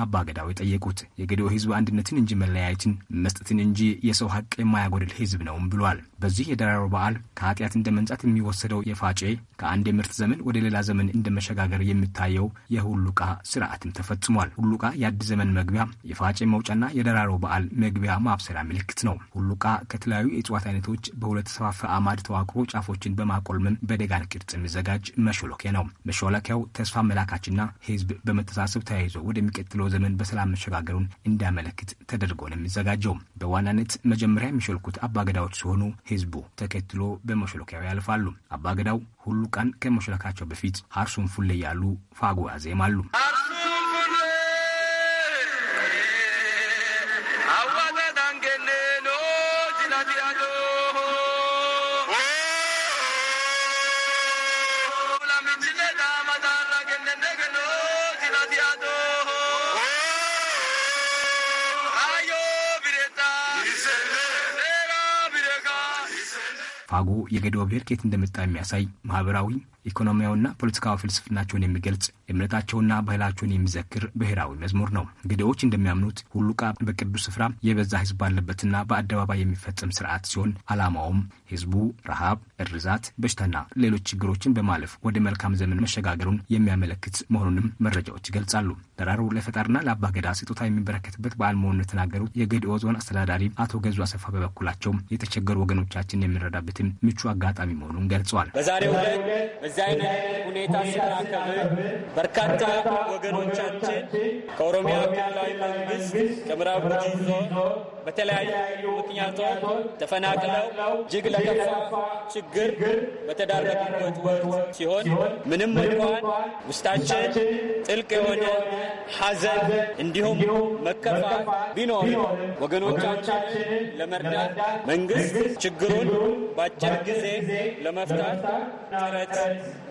አባ ገዳው የጠየቁት። የገዲዮ ሕዝብ አንድነትን እንጂ መለያየት ያሉትን መስጠትን እንጂ የሰው ሀቅ የማያጎድል ህዝብ ነውም ብሏል። በዚህ የደራሮ በዓል ከኃጢአት እንደ መንጻት የሚወሰደው የፋጬ ከአንድ የምርት ዘመን ወደ ሌላ ዘመን እንደ መሸጋገር የሚታየው የሁሉቃ ስርዓትም ተፈጽሟል። ሁሉቃ የአዲስ ዘመን መግቢያ፣ የፋጬ መውጫና የደራሮ በዓል መግቢያ ማብሰሪያ ምልክት ነው። ሁሉቃ ከተለያዩ የእጽዋት አይነቶች በሁለት ሰፋፈ አማድ ተዋቅሮ ጫፎችን በማቆልመም በደጋን ቅርጽ የሚዘጋጅ መሾለኪያ ነው። መሾለኪያው ተስፋ መላካችና ህዝብ በመተሳሰብ ተያይዞ ወደሚቀጥለው ዘመን በሰላም መሸጋገሩን እንዲያመለክት ተደርጎ ነው የሚዘጋጀው። በዋናነት መጀመሪያ የሚሾልኩት አባገዳዎች ሲሆኑ ህዝቡ ተከትሎ በመሾለኪያው ያልፋሉ። አባገዳው ሁሉ ቀን ከመሾለካቸው በፊት ሀርሱን ፉሌ ያሉ ፋጎ ያዜማሉ። ፋጎ የገዲኦ ብሔር ከየት እንደመጣ የሚያሳይ ማህበራዊ ኢኮኖሚያዊና ፖለቲካዊ ፍልስፍናቸውን የሚገልጽ እምነታቸውና ባህላቸውን የሚዘክር ብሔራዊ መዝሙር ነው። ገዲዎች እንደሚያምኑት ሁሉ ቃ በቅዱስ ስፍራ የበዛ ህዝብ ባለበትና በአደባባይ የሚፈጸም ስርዓት ሲሆን ዓላማውም ህዝቡ ረሃብ፣ እርዛት፣ በሽታና ሌሎች ችግሮችን በማለፍ ወደ መልካም ዘመን መሸጋገሩን የሚያመለክት መሆኑንም መረጃዎች ይገልጻሉ። ደራሩ ለፈጣርና ለአባ ገዳ ስጦታ የሚበረከትበት በዓል መሆኑን የተናገሩት የገዲኦ ዞን አስተዳዳሪ አቶ ገዙ አሰፋ በበኩላቸው የተቸገሩ ወገኖቻችን የምንረዳበት ለውይይትም ምቹ አጋጣሚ መሆኑን ገልጿል። በዛሬው ዕለት በዚህ አይነት ሁኔታ ስናከብር በርካታ ወገኖቻችን ከኦሮሚያ ክልላዊ መንግስት ከምዕራብ ጉጂ ዞን በተለያዩ ምክንያቶች ተፈናቅለው እጅግ ለከፋ ችግር በተዳረጉበት ወቅት ሲሆን ምንም እንኳን ውስጣችን ጥልቅ የሆነ ሐዘን እንዲሁም መከፋት ቢኖር ወገኖቻችን ለመርዳት መንግስት ችግሩን በአጭር ጊዜ ለመፍታት ጥረት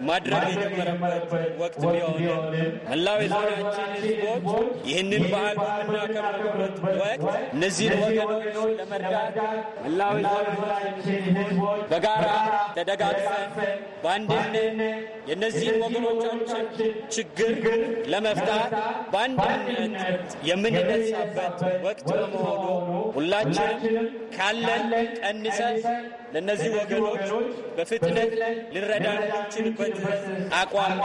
ማድረግ የጀመረበት ወቅት ቢሆን መላው የዞናችን ህዝቦች ይህንን በዓል በምናከብርበት ወቅት እነዚህን ወገኖች ለመርዳት መላው የዞናችን በጋራ ተደጋግፈን በአንድነት የእነዚህን ወገኖቻችን ችግር ለመፍታት በአንድነት የምንነሳበት ወቅት በመሆኑ ሁላችንም ካለን ቀንሰን ለእነዚህ ወገኖች በፍጥነት ልረዳ የምንችልበት አቋም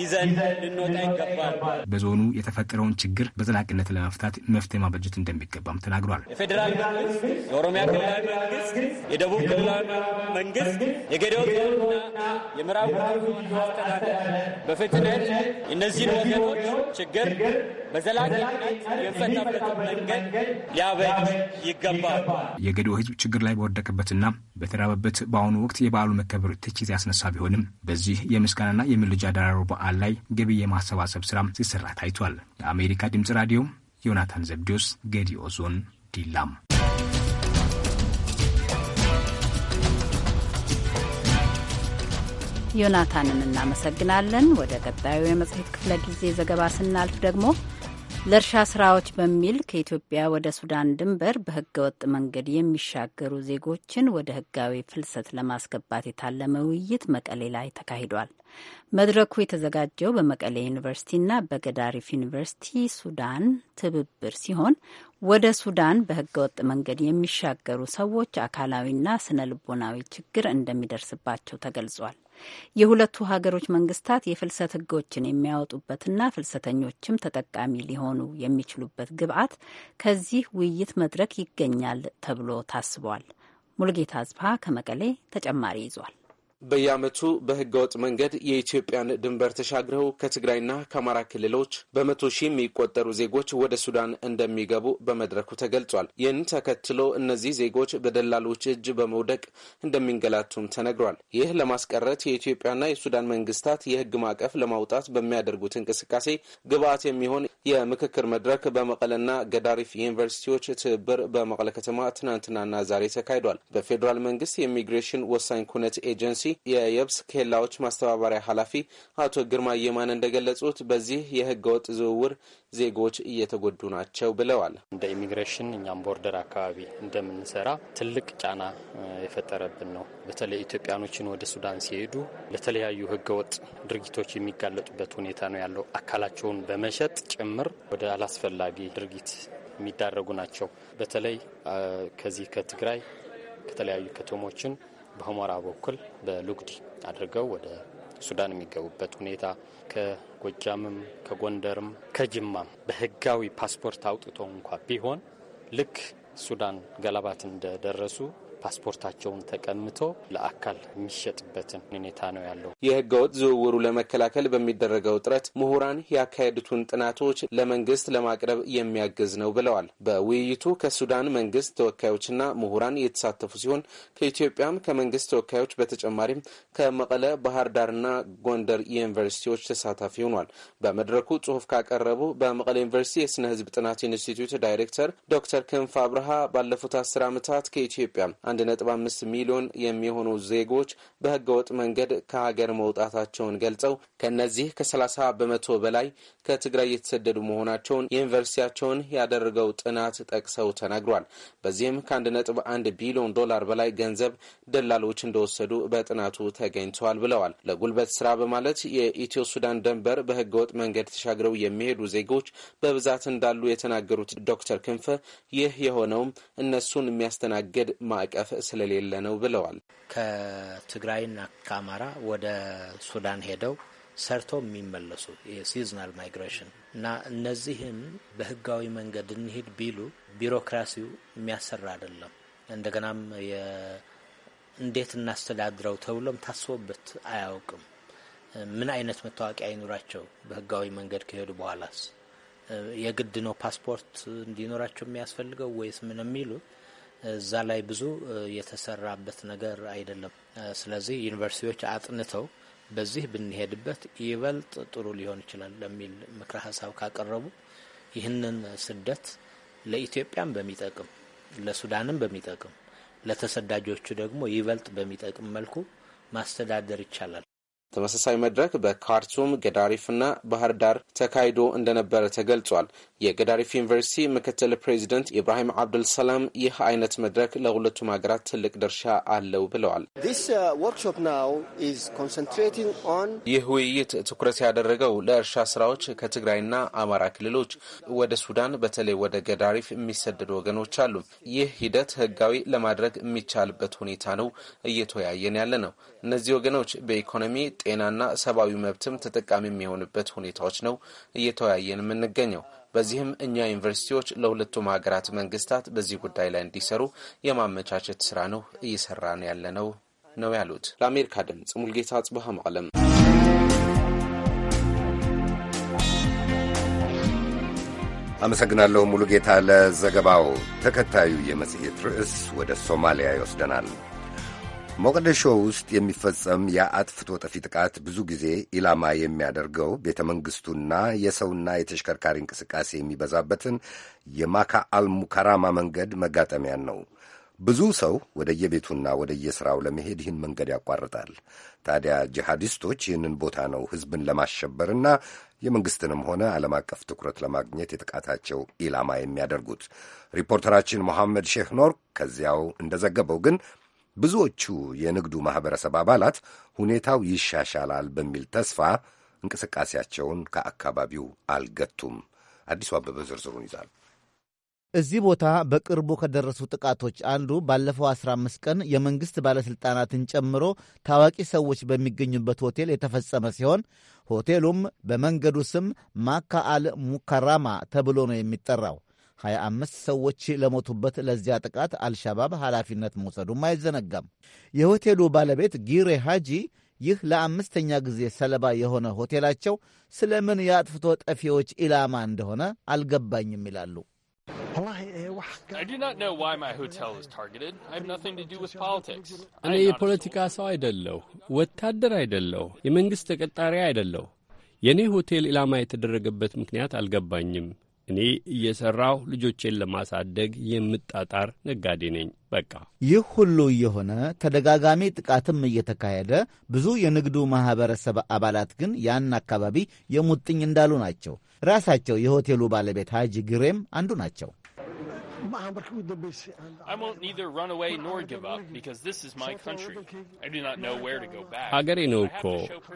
ይዘን ልንወጣ ይገባል። በዞኑ የተፈጠረውን ችግር በዘላቂነት ለመፍታት መፍትሄ ማበጀት እንደሚገባም ተናግሯል። የፌዴራል መንግስት፣ የኦሮሚያ ክልላዊ መንግስት፣ የደቡብ ክልላዊ መንግስት፣ የጌዴኦ ዞንና የምዕራብ አስተዳደር በፍጥነት የእነዚህን ወገኖች ችግር በዘላቂ የሚፈታበት መንገድ ሊያበጅ ይገባል። የገዶ ህዝብ ችግር ላይ በወደቀበትና በተራበበት በአሁኑ ወቅት የበዓሉ መከበር ትችት ያስነሳ ቢሆንም በዚህ የምስጋናና የምልጃ ዳራሮ በዓል ላይ ገቢ የማሰባሰብ ስራ ሲሰራ ታይቷል። ለአሜሪካ ድምጽ ራዲዮ ዮናታን ዘብዲዮስ ገዲኦ ዞን ዲላም። ዮናታንን እናመሰግናለን። ወደ ቀጣዩ የመጽሔት ክፍለ ጊዜ ዘገባ ስናልፍ ደግሞ ለእርሻ ስራዎች በሚል ከኢትዮጵያ ወደ ሱዳን ድንበር በህገወጥ መንገድ የሚሻገሩ ዜጎችን ወደ ህጋዊ ፍልሰት ለማስገባት የታለመ ውይይት መቀሌ ላይ ተካሂዷል። መድረኩ የተዘጋጀው በመቀሌ ዩኒቨርሲቲና በገዳሪፍ ዩኒቨርሲቲ ሱዳን ትብብር ሲሆን ወደ ሱዳን በህገወጥ መንገድ የሚሻገሩ ሰዎች አካላዊና ስነ ልቦናዊ ችግር እንደሚደርስባቸው ተገልጿል። የሁለቱ ሀገሮች መንግስታት የፍልሰት ህጎችን የሚያወጡበትና ፍልሰተኞችም ተጠቃሚ ሊሆኑ የሚችሉበት ግብዓት ከዚህ ውይይት መድረክ ይገኛል ተብሎ ታስቧል። ሙልጌታ አጽብሃ ከመቀሌ ተጨማሪ ይዟል። በየዓመቱ በህገወጥ መንገድ የኢትዮጵያን ድንበር ተሻግረው ከትግራይና ከአማራ ክልሎች በመቶ ሺህ የሚቆጠሩ ዜጎች ወደ ሱዳን እንደሚገቡ በመድረኩ ተገልጿል። ይህን ተከትሎ እነዚህ ዜጎች በደላሎች እጅ በመውደቅ እንደሚንገላቱም ተነግሯል። ይህ ለማስቀረት የኢትዮጵያና የሱዳን መንግስታት የህግ ማዕቀፍ ለማውጣት በሚያደርጉት እንቅስቃሴ ግብአት የሚሆን የምክክር መድረክ በመቀለና ገዳሪፍ ዩኒቨርሲቲዎች ትብብር በመቀለ ከተማ ትናንትናና ዛሬ ተካሂዷል። በፌዴራል መንግስት የኢሚግሬሽን ወሳኝ ኩነት ኤጀንሲ የየብስ ኬላዎች ማስተባበሪያ ኃላፊ አቶ ግርማ የማን እንደገለጹት በዚህ የህገወጥ ዝውውር ዜጎች እየተጎዱ ናቸው ብለዋል። እንደ ኢሚግሬሽን እኛም ቦርደር አካባቢ እንደምንሰራ ትልቅ ጫና የፈጠረብን ነው። በተለይ ኢትዮጵያኖችን ወደ ሱዳን ሲሄዱ ለተለያዩ ህገወጥ ድርጊቶች የሚጋለጡበት ሁኔታ ነው ያለው። አካላቸውን በመሸጥ ጭምር ወደ አላስፈላጊ ድርጊት የሚዳረጉ ናቸው። በተለይ ከዚህ ከትግራይ ከተለያዩ ከተሞችን በሁመራ በኩል በሉግዲ አድርገው ወደ ሱዳን የሚገቡበት ሁኔታ ከጎጃምም ከጎንደርም ከጅማም በህጋዊ ፓስፖርት አውጥቶ እንኳ ቢሆን ልክ ሱዳን ገላባት እንደደረሱ ፓስፖርታቸውን ተቀምቶ ለአካል የሚሸጥበትን ሁኔታ ነው ያለው። የህገወጥ ዝውውሩ ለመከላከል በሚደረገው ጥረት ምሁራን ያካሄዱትን ጥናቶች ለመንግስት ለማቅረብ የሚያግዝ ነው ብለዋል። በውይይቱ ከሱዳን መንግስት ተወካዮችና ምሁራን የተሳተፉ ሲሆን ከኢትዮጵያም ከመንግስት ተወካዮች በተጨማሪም ከመቀለ፣ ባህር ዳርና ጎንደር ዩኒቨርሲቲዎች ተሳታፊ ሆኗል። በመድረኩ ጽሁፍ ካቀረቡ በመቀለ ዩኒቨርሲቲ የስነ ህዝብ ጥናት ኢንስቲትዩት ዳይሬክተር ዶክተር ክንፍ አብርሃ ባለፉት አስር ዓመታት ከኢትዮጵያ 1.5 ሚሊዮን የሚሆኑ ዜጎች በህገወጥ መንገድ ከሀገር መውጣታቸውን ገልጸው ከእነዚህ ከ30 በመቶ በላይ ከትግራይ የተሰደዱ መሆናቸውን የዩኒቨርሲቲያቸውን ያደረገው ጥናት ጠቅሰው ተናግሯል። በዚህም ከ1.1 ቢሊዮን ዶላር በላይ ገንዘብ ደላሎች እንደወሰዱ በጥናቱ ተገኝተዋል ብለዋል። ለጉልበት ስራ በማለት የኢትዮ ሱዳን ድንበር በህገወጥ መንገድ ተሻግረው የሚሄዱ ዜጎች በብዛት እንዳሉ የተናገሩት ዶክተር ክንፈ ይህ የሆነውም እነሱን የሚያስተናግድ ማዕቀ ማዕቀፍ ስለሌለ ነው ብለዋል። ከትግራይና ከአማራ ወደ ሱዳን ሄደው ሰርተው የሚመለሱ የሲዝናል ማይግሬሽን እና እነዚህን በህጋዊ መንገድ እንሂድ ቢሉ ቢሮክራሲው የሚያሰራ አይደለም። እንደገናም እንዴት እናስተዳድረው ተብሎም ታስቦበት አያውቅም። ምን አይነት መታወቂያ አይኖራቸው? በህጋዊ መንገድ ከሄዱ በኋላስ የግድ ነው ፓስፖርት እንዲኖራቸው የሚያስፈልገው ወይስ ምን የሚሉ እዛ ላይ ብዙ የተሰራበት ነገር አይደለም። ስለዚህ ዩኒቨርሲቲዎች አጥንተው በዚህ ብንሄድበት ይበልጥ ጥሩ ሊሆን ይችላል ለሚል ምክረ ሀሳብ ካቀረቡ ይህንን ስደት ለኢትዮጵያም በሚጠቅም ለሱዳንም በሚጠቅም ለተሰዳጆቹ ደግሞ ይበልጥ በሚጠቅም መልኩ ማስተዳደር ይቻላል። ተመሳሳይ መድረክ በካርቱም ገዳሪፍና ባህር ዳር ተካሂዶ እንደነበረ ተገልጿል። የገዳሪፍ ዩኒቨርሲቲ ምክትል ፕሬዚደንት ኢብራሂም አብዱልሰላም ይህ አይነት መድረክ ለሁለቱም ሀገራት ትልቅ ድርሻ አለው ብለዋል። uh, ይህ ውይይት ትኩረት ያደረገው ለእርሻ ስራዎች ከትግራይና አማራ ክልሎች ወደ ሱዳን በተለይ ወደ ገዳሪፍ የሚሰደዱ ወገኖች አሉ። ይህ ሂደት ህጋዊ ለማድረግ የሚቻልበት ሁኔታ ነው እየተወያየን ያለ ነው። እነዚህ ወገኖች በኢኮኖሚ ጤናና ሰብአዊ መብትም ተጠቃሚ የሚሆንበት ሁኔታዎች ነው እየተወያየን የምንገኘው። በዚህም እኛ ዩኒቨርሲቲዎች ለሁለቱም ሀገራት መንግስታት በዚህ ጉዳይ ላይ እንዲሰሩ የማመቻቸት ስራ ነው ነው ያለ ነው ያሉት። ለአሜሪካ ድምፅ ሙልጌታ አጽበሀ መቀለም። አመሰግናለሁ ሙሉ ጌታ ለዘገባው። ተከታዩ የመጽሔት ርዕስ ወደ ሶማሊያ ይወስደናል። ሞቃዲሾ ውስጥ የሚፈጸም የአጥፍቶ ጠፊ ጥቃት ብዙ ጊዜ ኢላማ የሚያደርገው ቤተ መንግሥቱና የሰውና የተሽከርካሪ እንቅስቃሴ የሚበዛበትን የማካ አልሙከራማ መንገድ መጋጠሚያን ነው። ብዙ ሰው ወደየቤቱና የሥራው ለመሄድ ይህን መንገድ ያቋርጣል። ታዲያ ጂሃዲስቶች ይህንን ቦታ ነው ሕዝብን ለማሸበርና የመንግሥትንም ሆነ ዓለም አቀፍ ትኩረት ለማግኘት የጥቃታቸው ኢላማ የሚያደርጉት። ሪፖርተራችን ሞሐመድ ሼህ ኖር ከዚያው እንደዘገበው ግን ብዙዎቹ የንግዱ ማኅበረሰብ አባላት ሁኔታው ይሻሻላል በሚል ተስፋ እንቅስቃሴያቸውን ከአካባቢው አልገቱም። አዲሱ አበበ ዝርዝሩን ይዛል። እዚህ ቦታ በቅርቡ ከደረሱ ጥቃቶች አንዱ ባለፈው 15 ቀን የመንግሥት ባለሥልጣናትን ጨምሮ ታዋቂ ሰዎች በሚገኙበት ሆቴል የተፈጸመ ሲሆን ሆቴሉም በመንገዱ ስም ማካ አል ሙካራማ ተብሎ ነው የሚጠራው። 25 ሰዎች ለሞቱበት ለዚያ ጥቃት አልሻባብ ኃላፊነት መውሰዱም አይዘነጋም። የሆቴሉ ባለቤት ጊሬ ሃጂ ይህ ለአምስተኛ ጊዜ ሰለባ የሆነ ሆቴላቸው ስለ ምን የአጥፍቶ ጠፊዎች ኢላማ እንደሆነ አልገባኝም ይላሉ። እኔ የፖለቲካ ሰው አይደለሁ፣ ወታደር አይደለሁ፣ የመንግሥት ተቀጣሪ አይደለሁ። የእኔ ሆቴል ኢላማ የተደረገበት ምክንያት አልገባኝም። እኔ እየሠራሁ ልጆቼን ለማሳደግ የምጣጣር ነጋዴ ነኝ። በቃ ይህ ሁሉ እየሆነ ተደጋጋሚ ጥቃትም እየተካሄደ ብዙ የንግዱ ማኅበረሰብ አባላት ግን ያን አካባቢ የሙጥኝ እንዳሉ ናቸው። ራሳቸው የሆቴሉ ባለቤት ሀጂ ግሬም አንዱ ናቸው። ሀገሬ ነው እኮ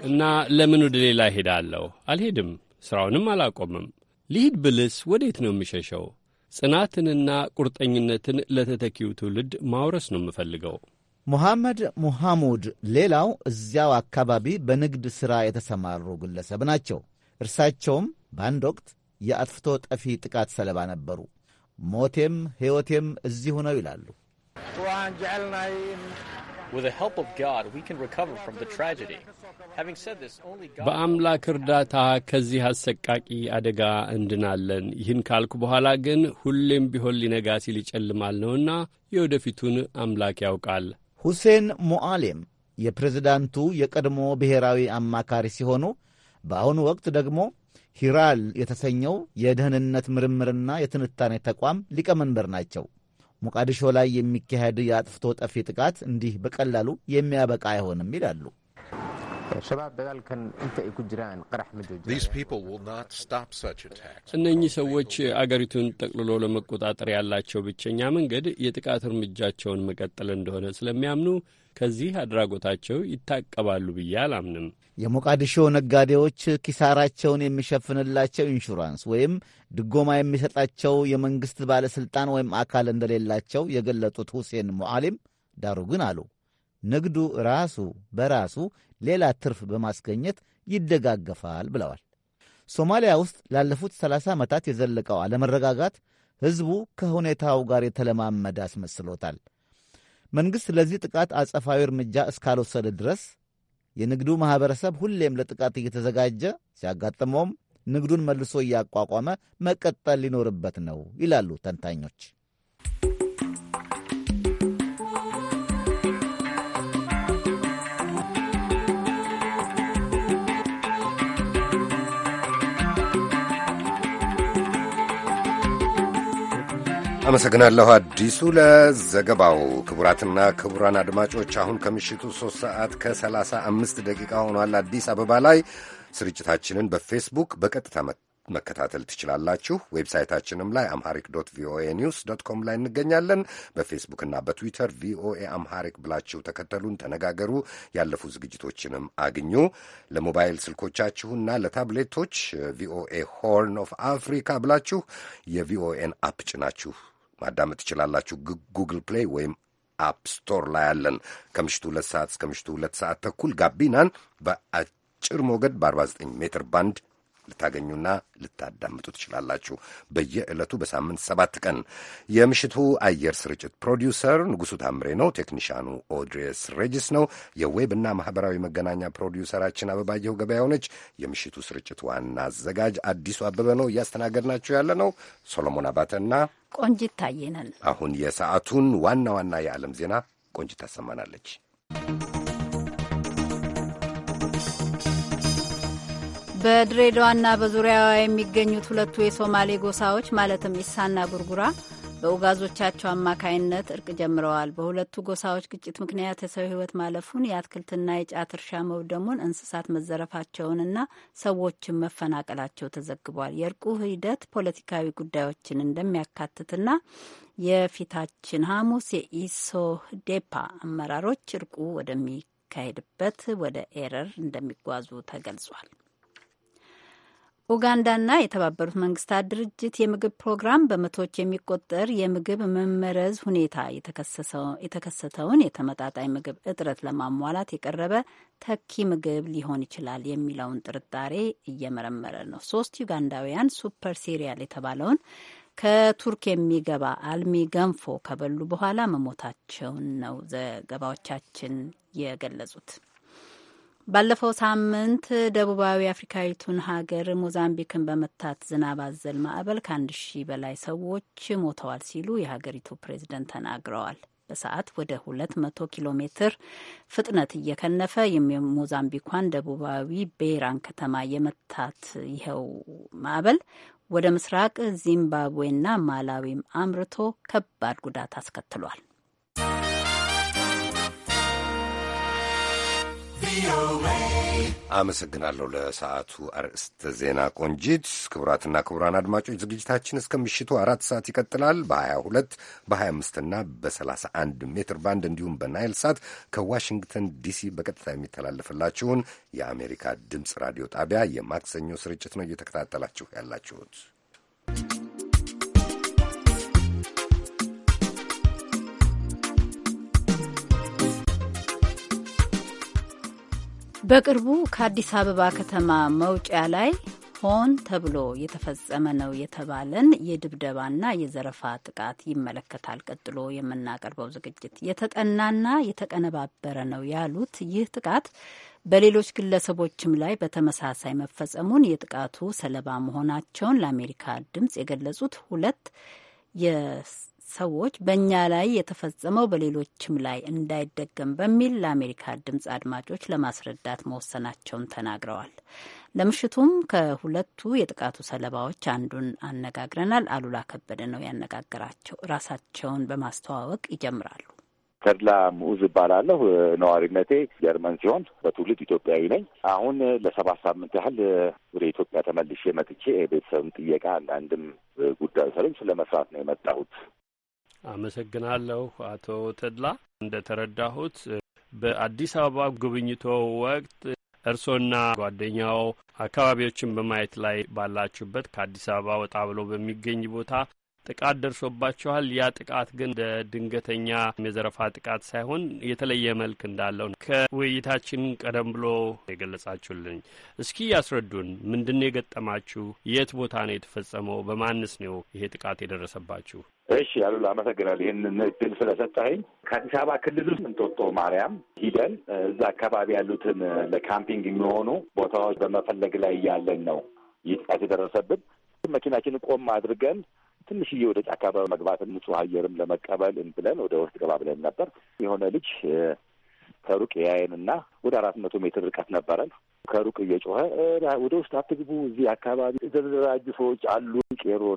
እና ለምን ወደ ሌላ ሄዳለሁ? አልሄድም። ሥራውንም አላቆምም። ልሂድ ብልስ ወዴት ነው የምሸሸው? ጽናትንና ቁርጠኝነትን ለተተኪው ትውልድ ማውረስ ነው የምፈልገው። ሙሐመድ ሙሐሙድ ሌላው እዚያው አካባቢ በንግድ ሥራ የተሰማሩ ግለሰብ ናቸው። እርሳቸውም በአንድ ወቅት የአጥፍቶ ጠፊ ጥቃት ሰለባ ነበሩ። ሞቴም ሕይወቴም እዚሁ ነው ይላሉ። በአምላክ እርዳታ ከዚህ አሰቃቂ አደጋ እንድናለን። ይህን ካልኩ በኋላ ግን ሁሌም ቢሆን ሊነጋ ሲል ይጨልማል ነውና የወደፊቱን አምላክ ያውቃል። ሁሴን ሞአሌም የፕሬዝዳንቱ የቀድሞ ብሔራዊ አማካሪ ሲሆኑ በአሁኑ ወቅት ደግሞ ሂራል የተሰኘው የደህንነት ምርምርና የትንታኔ ተቋም ሊቀመንበር ናቸው። ሞቃዲሾ ላይ የሚካሄድ የአጥፍቶ ጠፊ ጥቃት እንዲህ በቀላሉ የሚያበቃ አይሆንም ይላሉ። እነኚህ ሰዎች አገሪቱን ጠቅልሎ ለመቆጣጠር ያላቸው ብቸኛ መንገድ የጥቃት እርምጃቸውን መቀጠል እንደሆነ ስለሚያምኑ ከዚህ አድራጎታቸው ይታቀባሉ ብዬ አላምንም። የሞቃዲሾ ነጋዴዎች ኪሳራቸውን የሚሸፍንላቸው ኢንሹራንስ ወይም ድጎማ የሚሰጣቸው የመንግሥት ባለሥልጣን ወይም አካል እንደሌላቸው የገለጡት ሁሴን ሞዓሊም ዳሩ ግን አሉ ንግዱ ራሱ በራሱ ሌላ ትርፍ በማስገኘት ይደጋገፋል ብለዋል። ሶማሊያ ውስጥ ላለፉት 30 ዓመታት የዘለቀው አለመረጋጋት ሕዝቡ ከሁኔታው ጋር የተለማመደ አስመስሎታል። መንግሥት ለዚህ ጥቃት አጸፋዊ እርምጃ እስካልወሰደ ድረስ የንግዱ ማኅበረሰብ ሁሌም ለጥቃት እየተዘጋጀ ሲያጋጥመውም ንግዱን መልሶ እያቋቋመ መቀጠል ሊኖርበት ነው ይላሉ ተንታኞች። አመሰግናለሁ አዲሱ ለዘገባው። ክቡራትና ክቡራን አድማጮች አሁን ከምሽቱ 3 ሰዓት ከሰላሳ አምስት ደቂቃ ሆኗል። አዲስ አበባ ላይ ስርጭታችንን በፌስቡክ በቀጥታ መከታተል ትችላላችሁ። ዌብሳይታችንም ላይ አምሃሪክ ዶት ቪኦኤ ኒውስ ዶት ኮም ላይ እንገኛለን። በፌስቡክና በትዊተር ቪኦኤ አምሃሪክ ብላችሁ ተከተሉን፣ ተነጋገሩ። ያለፉ ዝግጅቶችንም አግኙ። ለሞባይል ስልኮቻችሁና ለታብሌቶች ቪኦኤ ሆርን ኦፍ አፍሪካ ብላችሁ የቪኦኤን አፕ ጭናችሁ ማዳመጥ ትችላላችሁ። ጉግል ፕሌይ ወይም አፕ ስቶር ላይ አለን። ከምሽቱ ሁለት ሰዓት እስከ ምሽቱ ሁለት ሰዓት ተኩል ጋቢናን በአጭር ሞገድ በ49 ሜትር ባንድ ልታገኙና ልታዳምጡ ትችላላችሁ። በየዕለቱ በሳምንት ሰባት ቀን የምሽቱ አየር ስርጭት ፕሮዲውሰር ንጉሡ ታምሬ ነው። ቴክኒሻኑ ኦድሬስ ሬጅስ ነው። የዌብና ማኅበራዊ መገናኛ ፕሮዲውሰራችን አበባየሁ ገበያ ሆነች የምሽቱ ስርጭት ዋና አዘጋጅ አዲሱ አበበ ነው። እያስተናገድናችሁ ያለ ነው ሶሎሞን አባተና ቆንጂት ታየናል። አሁን የሰዓቱን ዋና ዋና የዓለም ዜና ቆንጂት ታሰማናለች። በድሬዳዋና በዙሪያዋ የሚገኙት ሁለቱ የሶማሌ ጎሳዎች ማለትም ኢሳና ጉርጉራ በኡጋዞቻቸው አማካይነት እርቅ ጀምረዋል። በሁለቱ ጎሳዎች ግጭት ምክንያት የሰው ሕይወት ማለፉን፣ የአትክልትና የጫት እርሻ መውደሙን፣ እንስሳት መዘረፋቸውንና ሰዎችን መፈናቀላቸው ተዘግቧል። የእርቁ ሂደት ፖለቲካዊ ጉዳዮችን እንደሚያካትትና የፊታችን ሐሙስ የኢሶህዴፓ አመራሮች እርቁ ወደሚካሄድበት ወደ ኤረር እንደሚጓዙ ተገልጿል። ኡጋንዳና የተባበሩት መንግስታት ድርጅት የምግብ ፕሮግራም በመቶዎች የሚቆጠር የምግብ መመረዝ ሁኔታ የተከሰተውን የተመጣጣኝ ምግብ እጥረት ለማሟላት የቀረበ ተኪ ምግብ ሊሆን ይችላል የሚለውን ጥርጣሬ እየመረመረ ነው። ሶስት ዩጋንዳውያን ሱፐር ሲሪያል የተባለውን ከቱርክ የሚገባ አልሚ ገንፎ ከበሉ በኋላ መሞታቸውን ነው ዘገባዎቻችን የገለጹት። ባለፈው ሳምንት ደቡባዊ አፍሪካዊቱን ሀገር ሞዛምቢክን በመታት ዝናብ አዘል ማዕበል ከአንድ ሺህ በላይ ሰዎች ሞተዋል ሲሉ የሀገሪቱ ፕሬዝደንት ተናግረዋል። በሰዓት ወደ 200 ኪሎ ሜትር ፍጥነት እየከነፈ የሞዛምቢኳን ደቡባዊ ቤራን ከተማ የመታት ይኸው ማዕበል ወደ ምስራቅ ዚምባብዌና ማላዊም አምርቶ ከባድ ጉዳት አስከትሏል። አመሰግናለሁ። ለሰዓቱ አርዕስተ ዜና ቆንጂት። ክቡራትና ክቡራን አድማጮች ዝግጅታችን እስከ ምሽቱ አራት ሰዓት ይቀጥላል። በ22 በ25 እና በ31 ሜትር ባንድ እንዲሁም በናይል ሳት ከዋሽንግተን ዲሲ በቀጥታ የሚተላለፍላችሁን የአሜሪካ ድምፅ ራዲዮ ጣቢያ የማክሰኞ ስርጭት ነው እየተከታተላችሁ ያላችሁት። በቅርቡ ከአዲስ አበባ ከተማ መውጫ ላይ ሆን ተብሎ የተፈጸመ ነው የተባለን የድብደባና የዘረፋ ጥቃት ይመለከታል። ቀጥሎ የምናቀርበው ዝግጅት የተጠናና የተቀነባበረ ነው ያሉት ይህ ጥቃት በሌሎች ግለሰቦችም ላይ በተመሳሳይ መፈጸሙን የጥቃቱ ሰለባ መሆናቸውን ለአሜሪካ ድምፅ የገለጹት ሁለት ሰዎች በእኛ ላይ የተፈጸመው በሌሎችም ላይ እንዳይደገም በሚል ለአሜሪካ ድምፅ አድማጮች ለማስረዳት መወሰናቸውን ተናግረዋል። ለምሽቱም ከሁለቱ የጥቃቱ ሰለባዎች አንዱን አነጋግረናል። አሉላ ከበደ ነው ያነጋገራቸው። ራሳቸውን በማስተዋወቅ ይጀምራሉ። ተድላ ሙዝ እባላለሁ። ነዋሪነቴ ጀርመን ሲሆን በትውልድ ኢትዮጵያዊ ነኝ። አሁን ለሰባት ሳምንት ያህል ወደ ኢትዮጵያ ተመልሼ መጥቼ ቤተሰብም ጥየቃ አንዳንድም ጉዳዩ ሰለም ስለ መስራት ነው የመጣሁት። አመሰግናለሁ አቶ ተድላ። እንደ ተረዳሁት በአዲስ አበባ ጉብኝቶ ወቅት እርሶና ጓደኛው አካባቢዎችን በማየት ላይ ባላችሁበት ከአዲስ አበባ ወጣ ብሎ በሚገኝ ቦታ ጥቃት ደርሶባችኋል። ያ ጥቃት ግን እንደ ድንገተኛ የዘረፋ ጥቃት ሳይሆን የተለየ መልክ እንዳለው ከውይይታችን ቀደም ብሎ የገለጻችሁልኝ። እስኪ ያስረዱን። ምንድን ነው የገጠማችሁ? የት ቦታ ነው የተፈጸመው? በማንስ ነው ይሄ ጥቃት የደረሰባችሁ? እሺ አሉላ አመሰግናል ይህንን እድል ስለሰጠኸኝ። ከአዲስ አበባ ክልል ውስጥ እንጦጦ ማርያም ሂደን እዛ አካባቢ ያሉትን ለካምፒንግ የሚሆኑ ቦታዎች በመፈለግ ላይ እያለን ነው ይህ ጥቃት የደረሰብን። መኪናችን ቆም አድርገን ትንሽዬ ወደ ጫካ በመግባት ንጹህ አየርም ለመቀበል ብለን ወደ ውስጥ ገባ ብለን ነበር። የሆነ ልጅ ከሩቅ ያየንና ወደ አራት መቶ ሜትር ርቀት ነበረን። ከሩቅ እየጮኸ ወደ ውስጥ አትግቡ፣ እዚህ አካባቢ የተደራጁ ሰዎች አሉ፣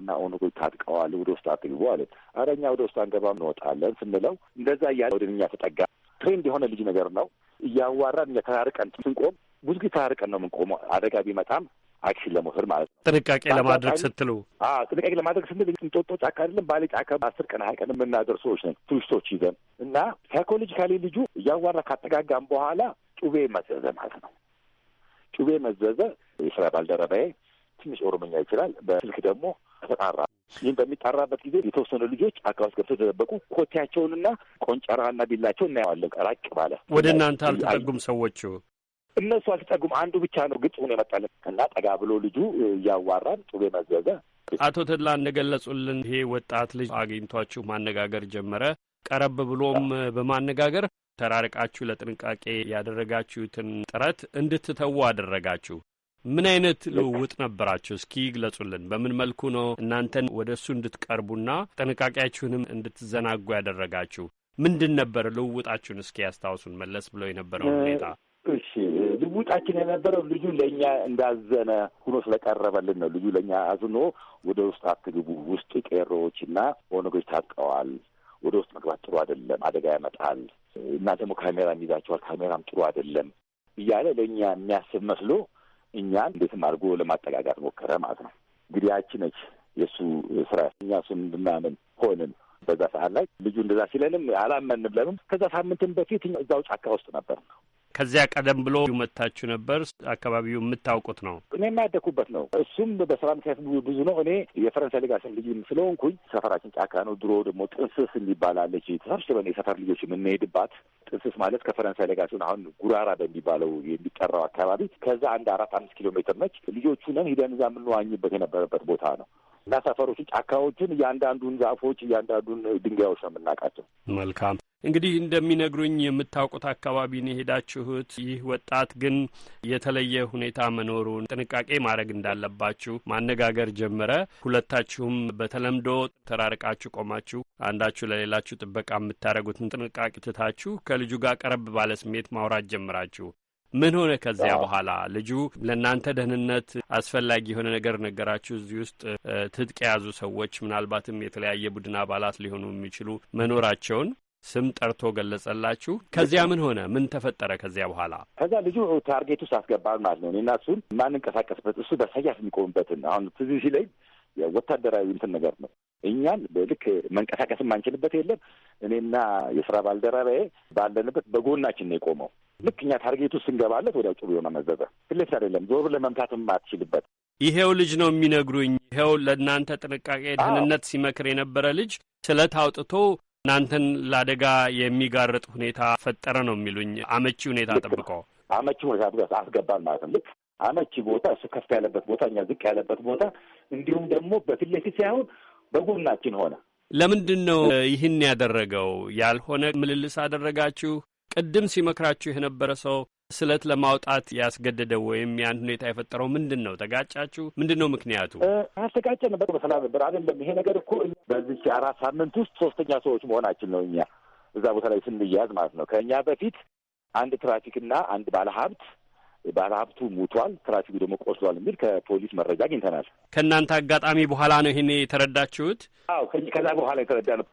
እና ኦነጎች ታጥቀዋል፣ ወደ ውስጥ አትግቡ አሉት። ኧረ እኛ ወደ ውስጥ አንገባም እንወጣለን ስንለው እንደዛ እያለ ወደ እኛ ተጠጋ። ትሬንድ የሆነ ልጅ ነገር ነው። እያዋራን እኛ ተራርቀን ስንቆም ብዙ ጊዜ ተራርቀን ነው የምንቆመው። አደጋ ቢመጣም አክሽን ለመውሰድ ማለት ነው። ጥንቃቄ ለማድረግ ስትሉ ጥንቃቄ ለማድረግ ስንል እንጦጦ ጫካ አይደለም ባሌ ጫካ አስር ቀን ሀያ ቀን የምናደር ሰዎች ነን። ቱሪስቶች ይዘን እና ሳይኮሎጂካሊ ልጁ እያዋራ ካጠጋጋም በኋላ ጩቤ መዘዘ ማለት ነው። ጩቤ መዘዘ። የስራ ባልደረባዬ ትንሽ ኦሮምኛ ይችላል። በስልክ ደግሞ ተጣራ። ይህም በሚጣራበት ጊዜ የተወሰኑ ልጆች አካባቢ ገብተው ተደበቁ። ኮቴያቸውንና ቆንጨራና ቢላቸው እናየዋለን። ራቅ ባለ ወደ እናንተ አልተጠጉም ሰዎቹ እነሱ አልተጠጉም። አንዱ ብቻ ነው ግጥ ሆኖ እና ጠጋ ብሎ ልጁ እያዋራን ጩቤ መዘዘ። አቶ ተድላ እንደገለጹልን ይሄ ወጣት ልጅ አግኝቷችሁ ማነጋገር ጀመረ። ቀረብ ብሎም በማነጋገር ተራርቃችሁ ለጥንቃቄ ያደረጋችሁትን ጥረት እንድትተዉ አደረጋችሁ። ምን አይነት ልውውጥ ነበራችሁ? እስኪ ግለጹልን። በምን መልኩ ነው እናንተን ወደ እሱ እንድትቀርቡና ጥንቃቄያችሁንም እንድትዘናጉ ያደረጋችሁ? ምንድን ነበር ልውውጣችሁን? እስኪ ያስታውሱን መለስ ብሎ የነበረውን ሁኔታ። እሺ ልውጣችን የነበረው ልጁ ለእኛ እንዳዘነ ሁኖ ስለቀረበልን ነው። ልጁ ለእኛ አዝኖ ወደ ውስጥ አትግቡ፣ ውስጥ ቄሮዎች ቄሮዎችና ኦነጎች ታቀዋል፣ ወደ ውስጥ መግባት ጥሩ አይደለም፣ አደጋ ያመጣል፣ እና ደግሞ ካሜራም ይዛቸዋል፣ ካሜራም ጥሩ አይደለም እያለ ለእኛ የሚያስብ መስሎ እኛን እንዴትም አድርጎ ለማጠጋጋት ሞከረ ማለት ነው። እንግዲህ ያቺ ነች የእሱ ስራ። እኛ እሱን እንድናምን ሆንን። በዛ ሰዓት ላይ ልጁ እንደዛ ሲለንም አላመንም። ለምን ከዛ ሳምንትን በፊት እዛው ጫካ ውስጥ ነበር ከዚያ ቀደም ብሎ መታችሁ ነበር። አካባቢው የምታውቁት ነው። እኔ የማያደኩበት ነው። እሱም በስራ ምክንያት ብዙ ነው። እኔ የፈረንሳይ ሌጋሽን ልጅ ስለሆንኩኝ ሰፈራችን ጫካ ነው። ድሮ ደግሞ ጥንስስ የሚባላለች ተሰብስበን የሰፈር ልጆች የምንሄድባት ጥንስስ ማለት ከፈረንሳይ ሌጋሲዮን አሁን ጉራራ በሚባለው የሚጠራው አካባቢ ከዛ አንድ አራት አምስት ኪሎ ሜትር ነች። ልጆቹ ነን ሂደን እዛ የምንዋኝበት የነበረበት ቦታ ነው እና ሰፈሮቹ ጫካዎችን፣ እያንዳንዱን ዛፎች እያንዳንዱን ድንጋዮች ነው የምናውቃቸው። መልካም እንግዲህ እንደሚነግሩኝ የምታውቁት አካባቢ ነው የሄዳችሁት። ይህ ወጣት ግን የተለየ ሁኔታ መኖሩን ጥንቃቄ ማድረግ እንዳለባችሁ ማነጋገር ጀመረ። ሁለታችሁም በተለምዶ ተራርቃችሁ ቆማችሁ አንዳችሁ ለሌላችሁ ጥበቃ የምታደርጉትን ጥንቃቄ ትታችሁ ከልጁ ጋር ቀረብ ባለ ስሜት ማውራት ጀምራችሁ ምን ሆነ? ከዚያ በኋላ ልጁ ለእናንተ ደህንነት አስፈላጊ የሆነ ነገር ነገራችሁ? እዚህ ውስጥ ትጥቅ የያዙ ሰዎች ምናልባትም የተለያየ ቡድን አባላት ሊሆኑ የሚችሉ መኖራቸውን ስም ጠርቶ ገለጸላችሁ። ከዚያ ምን ሆነ? ምን ተፈጠረ? ከዚያ በኋላ ከዛ ልጁ ታርጌት ውስጥ አስገባል ማለት ነው። እኔና እሱን ማንንቀሳቀስበት እሱ በሰያፍ የሚቆምበትን አሁን ትዝ ሲለኝ ወታደራዊ እንትን ነገር ነው። እኛን በልክ መንቀሳቀስ የማንችልበት የለም። እኔና የስራ ባልደረባዬ ባለንበት በጎናችን ነው የቆመው። ልክ እኛ ታርጌቱ ስንገባለት ወዲያው ጭብ የሆነ መዘዘ። ፊት ለፊት አይደለም፣ ዞር ለመምታት የማትችልበት ይሄው ልጅ ነው የሚነግሩኝ። ይኸው ለእናንተ ጥንቃቄ፣ ደህንነት ሲመክር የነበረ ልጅ ስለት አውጥቶ እናንተን ለአደጋ የሚጋርጥ ሁኔታ ፈጠረ ነው የሚሉኝ። አመቺ ሁኔታ ጠብቆ አመቺ ሁኔታ አስገባን ማለት ነው። ልክ አመቺ ቦታ እሱ ከፍ ያለበት ቦታ፣ እኛ ዝቅ ያለበት ቦታ፣ እንዲሁም ደግሞ በፊት ለፊት ሳይሆን በጎናችን ሆነ። ለምንድን ነው ይህን ያደረገው? ያልሆነ ምልልስ አደረጋችሁ? ቅድም ሲመክራችሁ የነበረ ሰው ስለት ለማውጣት ያስገደደው ወይም ያን ሁኔታ የፈጠረው ምንድን ነው? ተጋጫችሁ? ምንድን ነው ምክንያቱ? አልተጋጨ ነበር፣ በሰላም ነበር። አይደለም ይሄ ነገር እኮ በዚህ አራት ሳምንት ውስጥ ሶስተኛ ሰዎች መሆናችን ነው እኛ እዛ ቦታ ላይ ስንያዝ ማለት ነው። ከእኛ በፊት አንድ ትራፊክና አንድ ባለሀብት ባለሀብቱ ሙቷል፣ ትራፊኩ ደግሞ ቆስሏል የሚል ከፖሊስ መረጃ አግኝተናል። ከእናንተ አጋጣሚ በኋላ ነው ይሄን የተረዳችሁት? አዎ ከዛ በኋላ የተረዳ ነው።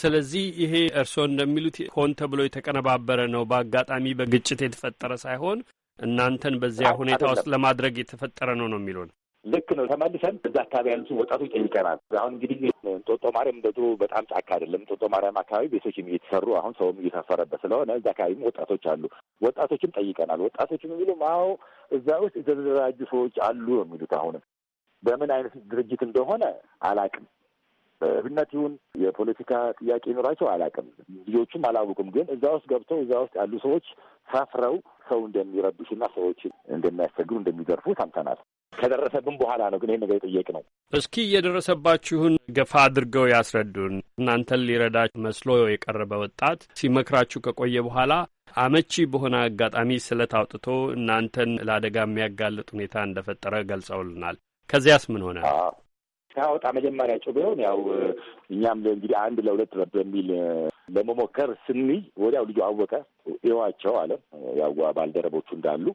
ስለዚህ ይሄ እርስዎ እንደሚሉት ሆን ተብሎ የተቀነባበረ ነው፣ በአጋጣሚ በግጭት የተፈጠረ ሳይሆን እናንተን በዚያ ሁኔታ ውስጥ ለማድረግ የተፈጠረ ነው ነው የሚሉን። ልክ ነው። ተመልሰን እዛ አካባቢ ያሉትን ወጣቶች ጠይቀናል። አሁን እንግዲህ ጦጦ ማርያም እንደ ድሮ በጣም ጫካ አይደለም። ጦጦ ማርያም አካባቢ ቤቶችም እየተሰሩ አሁን ሰውም እየታፈረበት ስለሆነ እዛ አካባቢም ወጣቶች አሉ። ወጣቶችም ጠይቀናል። ወጣቶችም የሚሉም አዎ እዛ ውስጥ የተደራጁ ሰዎች አሉ የሚሉት አሁንም በምን አይነት ድርጅት እንደሆነ አላቅም ብነት ይሁን የፖለቲካ ጥያቄ ይኖራቸው አላውቅም። ልጆቹም አላውቁም። ግን እዛ ውስጥ ገብተው እዛ ውስጥ ያሉ ሰዎች ሰፍረው ሰው እንደሚረብሹና ሰዎች እንደሚያስቸግሩ እንደሚገርፉ ሰምተናል። ከደረሰብን በኋላ ነው ግን ይህን ነገር የጠየቅ ነው። እስኪ የደረሰባችሁን ገፋ አድርገው ያስረዱን። እናንተን ሊረዳ መስሎ የቀረበ ወጣት ሲመክራችሁ ከቆየ በኋላ አመቺ በሆነ አጋጣሚ ስለት አውጥቶ እናንተን ለአደጋ የሚያጋልጥ ሁኔታ እንደፈጠረ ገልጸውልናል። ከዚያስ ምን ሆነ? ሳያወጣ መጀመሪያ ጮ ቢሆን ያው እኛም እንግዲህ አንድ ለሁለት በሚል ለመሞከር ስንይ ወዲያው ልጁ አወቀ። ይዋቸው አለ ያው ባልደረቦቹ እንዳሉ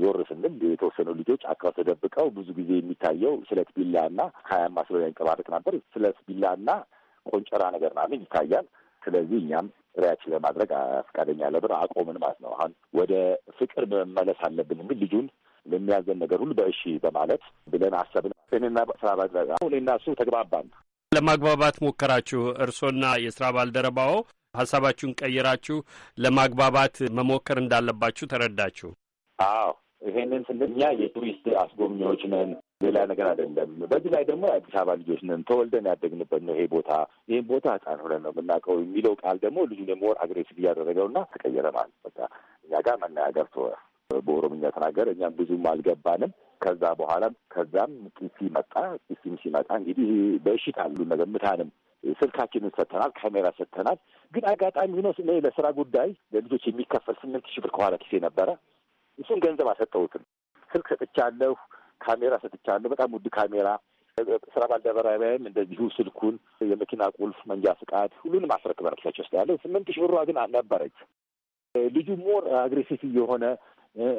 ዞር ስንል የተወሰኑ ልጆች አካባቢ ተደብቀው ብዙ ጊዜ የሚታየው ስለት ቢላ ቢላና ሀያ ማስሎ ያንጸባርቅ ነበር። ስለት ቢላ ቢላና ቆንጨራ ነገር ምናምን ይታያል። ስለዚህ እኛም ሪያክሽን ለማድረግ ፈቃደኛ ለብር አቆምን ማለት ነው። አሁን ወደ ፍቅር መመለስ አለብን የሚል ልጁን ለሚያዘን ነገር ሁሉ በእሺ በማለት ብለን አሰብን። እኔና ስራ እኔና እሱ ተግባባን። ለማግባባት ሞከራችሁ እርሶና የስራ ባልደረባው ሀሳባችሁን ቀይራችሁ ለማግባባት መሞከር እንዳለባችሁ ተረዳችሁ? አዎ ይሄንን ስንል እኛ የቱሪስት አስጎብኚዎች ነን፣ ሌላ ነገር አይደለም። በዚህ ላይ ደግሞ የአዲስ አበባ ልጆች ነን፣ ተወልደን ያደግንበት ነው ይሄ ቦታ። ይህን ቦታ ህጻን ሆነን ነው የምናውቀው የሚለው ቃል ደግሞ ልጁ ደግሞ ወር አግሬሲቭ እያደረገውና ተቀየረ ማለት በቃ እኛ ጋር መናገር ተወ። በኦሮምኛ ተናገር፣ እኛም ብዙም አልገባንም። ከዛ በኋላም ከዛም ጢሲ መጣ። ጢሲም ሲመጣ እንግዲህ በእሽት አሉ ነገር ምታንም ስልካችንን ሰጥተናል፣ ካሜራ ሰጥተናል። ግን አጋጣሚ ሆኖ እኔ ለስራ ጉዳይ ለልጆች የሚከፈል ስምንት ሺህ ብር ከኋላ ኪሴ ነበረ። እሱን ገንዘብ አልሰጠሁትም። ስልክ ሰጥቻለሁ፣ ካሜራ ሰጥቻለሁ፣ በጣም ውድ ካሜራ። ስራ ባልደረባም እንደዚሁ ስልኩን፣ የመኪና ቁልፍ፣ መንጃ ፍቃድ ሁሉንም አስረክበናል። ስላቸው ውስጥ ያለው ስምንት ሺህ ብሯ ግን አልነበረች። ልጁ ሞር አግሬሲቭ እየሆነ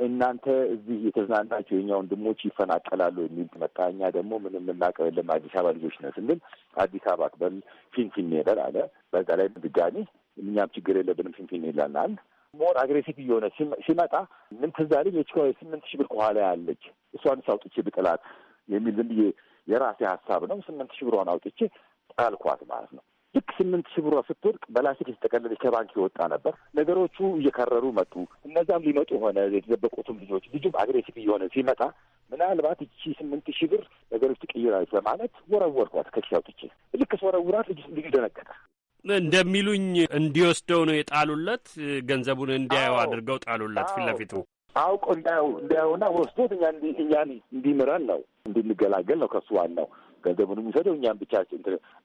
እናንተ እዚህ የተዝናናቸው የኛ ወንድሞች ይፈናቀላሉ የሚል መጣ። እኛ ደግሞ ምንም የምናውቀው የለም አዲስ አበባ ልጆች ነን ስንል አዲስ አበባ አክበል ፊንፊን በል አለ። በዛ ላይ ድጋሚ እኛም ችግር የለብንም ፊንፊን ይላናል። ሞር አግሬሲቭ እየሆነ ሲመጣ ምን ትዝ አለኝ የችኳ ስምንት ሺህ ብር ከኋላ ያለች እሷን አውጥቼ ብጥላት የሚል ዝም ብዬ የራሴ ሀሳብ ነው። ስምንት ሺህ ብሯን አውጥቼ ጣልኳት ማለት ነው። ልክ ስምንት ሺህ ብሯ ስትወድቅ በላስቲክ የተጠቀለለች ከባንክ ይወጣ ነበር። ነገሮቹ እየከረሩ መጡ። እነዛም ሊመጡ ሆነ የተደበቁትም ልጆች ልጁም አግሬሲቭ እየሆነ ሲመጣ ምናልባት እቺ ስምንት ሺህ ብር ነገሮች ትቀይራለች በማለት ወረወርኳት ከኪስ አውጥቼ። ልክ ስወረውራት ልጁ ደነገጠ። እንደሚሉኝ እንዲወስደው ነው የጣሉለት። ገንዘቡን እንዲያየው አድርገው ጣሉለት ፊት ለፊቱ አውቆ እንዳየው እንዳየውና ወስዶት እኛ እኛን እንዲምረን ነው እንድንገላገል ነው ከሱ ዋናው ገንዘቡን የሚሰደው እኛም ብቻ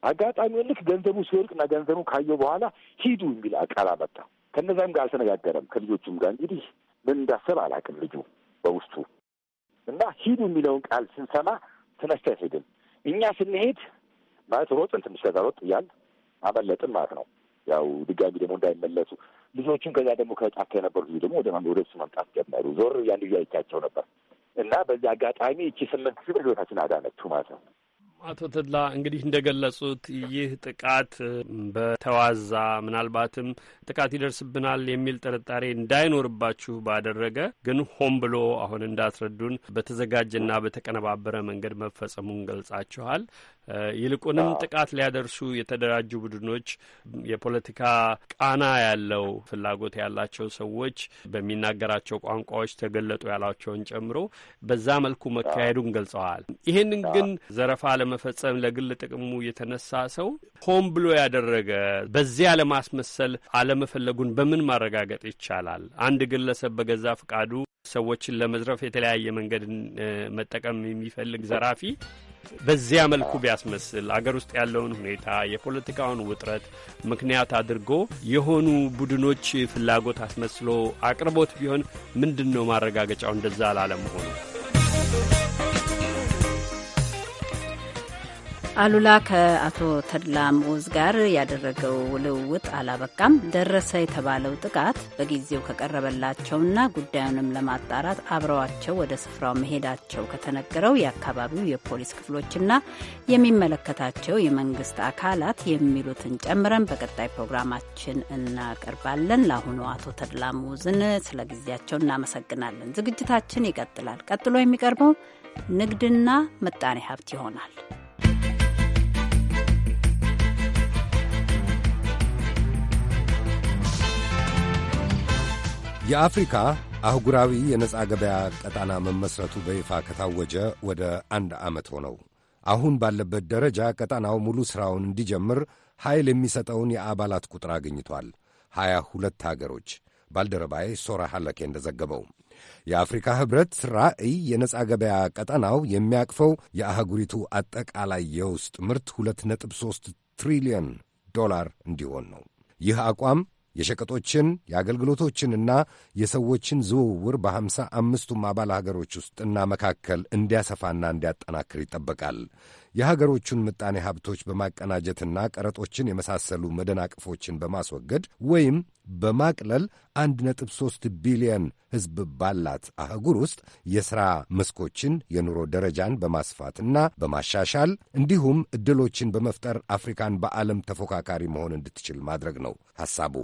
አጋጣሚውን ልክ ገንዘቡ ሲወርቅና ገንዘቡ ካየው በኋላ ሂዱ የሚል ቃል አመጣ። ከነዛም ጋር አልተነጋገረም ከልጆቹም ጋር እንግዲህ ምን እንዳሰብ አላውቅም ልጁ በውስጡ እና ሂዱ የሚለውን ቃል ስንሰማ ተነስቶ ሄድን። እኛ ስንሄድ ማለት ሮጥን፣ ትንሽ ከዛ ሮጥ እያል አመለጥን ማለት ነው። ያው ድጋሚ ደግሞ እንዳይመለሱ ልጆቹን ከዚያ ደግሞ ከጫካ የነበሩ ልጅ ደግሞ ወደ ወደ እሱ መምጣት ጀመሩ። ዞር ያን ልዩ ነበር እና በዚህ አጋጣሚ እቺ ስምንት ሺህ ብር ህይወታችን አዳነችው ማለት ነው። አቶ ተድላ እንግዲህ እንደገለጹት ይህ ጥቃት በተዋዛ ምናልባትም ጥቃት ይደርስብናል የሚል ጥርጣሬ እንዳይኖርባችሁ ባደረገ ግን ሆን ብሎ አሁን እንዳስረዱን በተዘጋጀና በተቀነባበረ መንገድ መፈጸሙን ገልጻችኋል። ይልቁንም ጥቃት ሊያደርሱ የተደራጁ ቡድኖች የፖለቲካ ቃና ያለው ፍላጎት ያላቸው ሰዎች በሚናገራቸው ቋንቋዎች ተገለጡ ያሏቸውን ጨምሮ በዛ መልኩ መካሄዱን ገልጸዋል። ይህንን ግን ዘረፋ ለመፈጸም ለግል ጥቅሙ የተነሳ ሰው ሆን ብሎ ያደረገ በዚያ ለማስመሰል አለመፈለጉን በምን ማረጋገጥ ይቻላል? አንድ ግለሰብ በገዛ ፈቃዱ ሰዎችን ለመዝረፍ የተለያየ መንገድ መጠቀም የሚፈልግ ዘራፊ በዚያ መልኩ ቢያስመስል አገር ውስጥ ያለውን ሁኔታ፣ የፖለቲካውን ውጥረት ምክንያት አድርጎ የሆኑ ቡድኖች ፍላጎት አስመስሎ አቅርቦት ቢሆን ምንድን ነው ማረጋገጫው እንደዛ ላለመሆኑ? አሉላ ከአቶ ተድላ መዑዝ ጋር ያደረገው ልውውጥ አላበቃም። ደረሰ የተባለው ጥቃት በጊዜው ከቀረበላቸውና ጉዳዩንም ለማጣራት አብረዋቸው ወደ ስፍራው መሄዳቸው ከተነገረው የአካባቢው የፖሊስ ክፍሎችና የሚመለከታቸው የመንግስት አካላት የሚሉትን ጨምረን በቀጣይ ፕሮግራማችን እናቀርባለን። ለአሁኑ አቶ ተድላ መዑዝን ስለ ጊዜያቸው እናመሰግናለን። ዝግጅታችን ይቀጥላል። ቀጥሎ የሚቀርበው ንግድና ምጣኔ ሀብት ይሆናል። የአፍሪካ አህጉራዊ የነጻ ገበያ ቀጣና መመስረቱ በይፋ ከታወጀ ወደ አንድ ዓመት ሆነው አሁን ባለበት ደረጃ ቀጣናው ሙሉ ሥራውን እንዲጀምር ኃይል የሚሰጠውን የአባላት ቁጥር አግኝቷል። ሀያ ሁለት አገሮች ባልደረባዬ ሶራ ሐለኬ እንደዘገበው የአፍሪካ ኅብረት ራዕይ የነጻ ገበያ ቀጠናው የሚያቅፈው የአህጉሪቱ አጠቃላይ የውስጥ ምርት 2.3 ትሪሊዮን ዶላር እንዲሆን ነው። ይህ አቋም የሸቀጦችን የአገልግሎቶችንና የሰዎችን ዝውውር በሐምሳ አምስቱም አባል አገሮች ውስጥና መካከል እንዲያሰፋና እንዲያጠናክር ይጠበቃል። የሀገሮቹን ምጣኔ ሀብቶች በማቀናጀትና ቀረጦችን የመሳሰሉ መደናቅፎችን በማስወገድ ወይም በማቅለል 1.3 ቢሊየን ሕዝብ ባላት አህጉር ውስጥ የሥራ መስኮችን የኑሮ ደረጃን በማስፋትና በማሻሻል እንዲሁም ዕድሎችን በመፍጠር አፍሪካን በዓለም ተፎካካሪ መሆን እንድትችል ማድረግ ነው ሐሳቡ።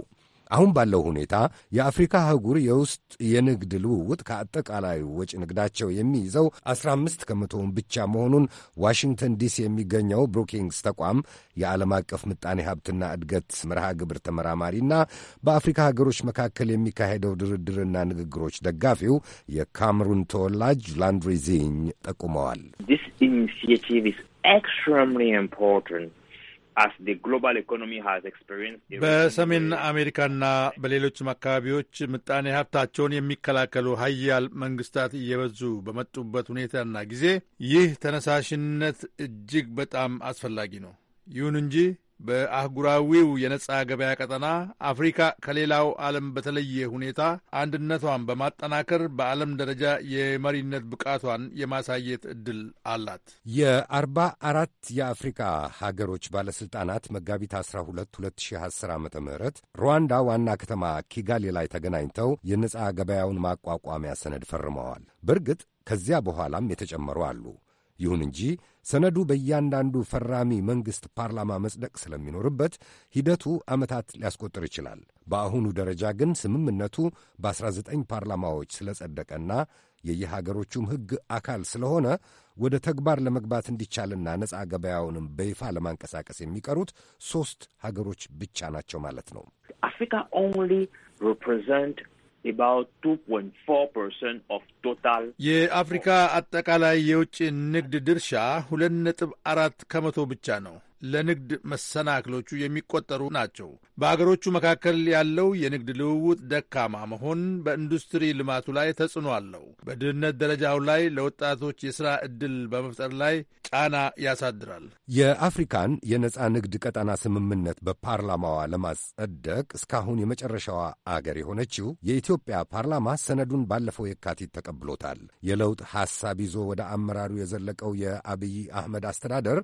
አሁን ባለው ሁኔታ የአፍሪካ አህጉር የውስጥ የንግድ ልውውጥ ከአጠቃላዩ ወጪ ንግዳቸው የሚይዘው 15 ከመቶውን ብቻ መሆኑን ዋሽንግተን ዲሲ የሚገኘው ብሩኪንግስ ተቋም የዓለም አቀፍ ምጣኔ ሀብትና እድገት መርሃ ግብር ተመራማሪና በአፍሪካ ሀገሮች መካከል የሚካሄደው ድርድርና ንግግሮች ደጋፊው የካምሩን ተወላጅ ላንድሪ ዚኝ ጠቁመዋል። በሰሜን አሜሪካና በሌሎችም አካባቢዎች ምጣኔ ሀብታቸውን የሚከላከሉ ሀያል መንግስታት እየበዙ በመጡበት ሁኔታና ጊዜ ይህ ተነሳሽነት እጅግ በጣም አስፈላጊ ነው። ይሁን እንጂ በአህጉራዊው የነጻ ገበያ ቀጠና አፍሪካ ከሌላው ዓለም በተለየ ሁኔታ አንድነቷን በማጠናከር በዓለም ደረጃ የመሪነት ብቃቷን የማሳየት ዕድል አላት። የአርባ አራት የአፍሪካ ሀገሮች ባለሥልጣናት መጋቢት 12 2010 ዓ ም ሩዋንዳ ዋና ከተማ ኪጋሊ ላይ ተገናኝተው የነጻ ገበያውን ማቋቋሚያ ሰነድ ፈርመዋል። በእርግጥ ከዚያ በኋላም የተጨመሩ አሉ። ይሁን እንጂ ሰነዱ በእያንዳንዱ ፈራሚ መንግሥት ፓርላማ መጽደቅ ስለሚኖርበት ሂደቱ ዓመታት ሊያስቆጥር ይችላል። በአሁኑ ደረጃ ግን ስምምነቱ በ19 ፓርላማዎች ስለጸደቀና የየሀገሮቹም ሕግ አካል ስለሆነ ወደ ተግባር ለመግባት እንዲቻልና ነፃ ገበያውንም በይፋ ለማንቀሳቀስ የሚቀሩት ሦስት ሀገሮች ብቻ ናቸው ማለት ነው። አፍሪካ ኦንሊ ሪፕሬዘንት የአፍሪካ አጠቃላይ የውጭ ንግድ ድርሻ ሁለት ነጥብ አራት ከመቶ ብቻ ነው። ለንግድ መሰናክሎቹ የሚቆጠሩ ናቸው። በአገሮቹ መካከል ያለው የንግድ ልውውጥ ደካማ መሆን በኢንዱስትሪ ልማቱ ላይ ተጽዕኖ አለው። በድህነት ደረጃው ላይ ለወጣቶች የሥራ ዕድል በመፍጠር ላይ ጫና ያሳድራል። የአፍሪካን የነፃ ንግድ ቀጠና ስምምነት በፓርላማዋ ለማጸደቅ እስካሁን የመጨረሻዋ አገር የሆነችው የኢትዮጵያ ፓርላማ ሰነዱን ባለፈው የካቲት ተቀብሎታል። የለውጥ ሐሳብ ይዞ ወደ አመራሩ የዘለቀው የአብይ አህመድ አስተዳደር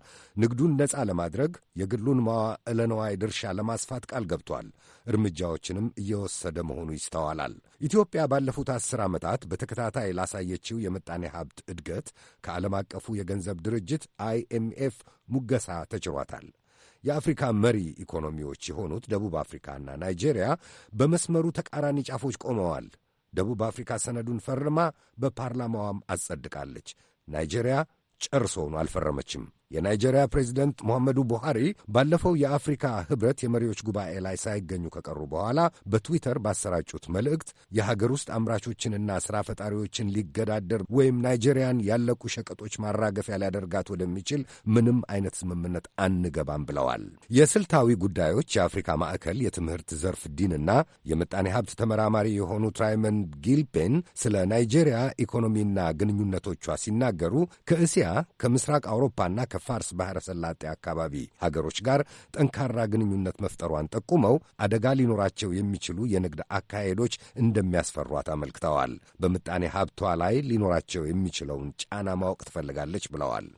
ንግዱን ነፃ ለማ በማድረግ የግሉን መዋዕለ ድርሻ ለማስፋት ቃል ገብቷል። እርምጃዎችንም እየወሰደ መሆኑ ይስተዋላል። ኢትዮጵያ ባለፉት አስር ዓመታት በተከታታይ ላሳየችው የምጣኔ ሀብት እድገት ከዓለም አቀፉ የገንዘብ ድርጅት አይኤምኤፍ ሙገሳ ተችሯታል። የአፍሪካ መሪ ኢኮኖሚዎች የሆኑት ደቡብ አፍሪካና ናይጄሪያ በመስመሩ ተቃራኒ ጫፎች ቆመዋል። ደቡብ አፍሪካ ሰነዱን ፈርማ በፓርላማዋም አጸድቃለች። ናይጄሪያ ጨርሶውኑ አልፈረመችም። የናይጄሪያ ፕሬዚደንት ሙሐመዱ ቡሃሪ ባለፈው የአፍሪካ ህብረት የመሪዎች ጉባኤ ላይ ሳይገኙ ከቀሩ በኋላ በትዊተር ባሰራጩት መልእክት የሀገር ውስጥ አምራቾችንና ሥራ ፈጣሪዎችን ሊገዳደር ወይም ናይጄሪያን ያለቁ ሸቀጦች ማራገፊያ ሊያደርጋት ወደሚችል ምንም አይነት ስምምነት አንገባም ብለዋል። የስልታዊ ጉዳዮች የአፍሪካ ማዕከል የትምህርት ዘርፍ ዲንና የምጣኔ ሀብት ተመራማሪ የሆኑት ራይመንድ ጊልፔን ስለ ናይጄሪያ ኢኮኖሚና ግንኙነቶቿ ሲናገሩ ከእስያ ከምስራቅ አውሮፓና ከ ከፋርስ ባሕረ ሰላጤ አካባቢ ሀገሮች ጋር ጠንካራ ግንኙነት መፍጠሯን ጠቁመው አደጋ ሊኖራቸው የሚችሉ የንግድ አካሄዶች እንደሚያስፈሯት አመልክተዋል። በምጣኔ ሀብቷ ላይ ሊኖራቸው የሚችለውን ጫና ማወቅ ትፈልጋለች ብለዋል።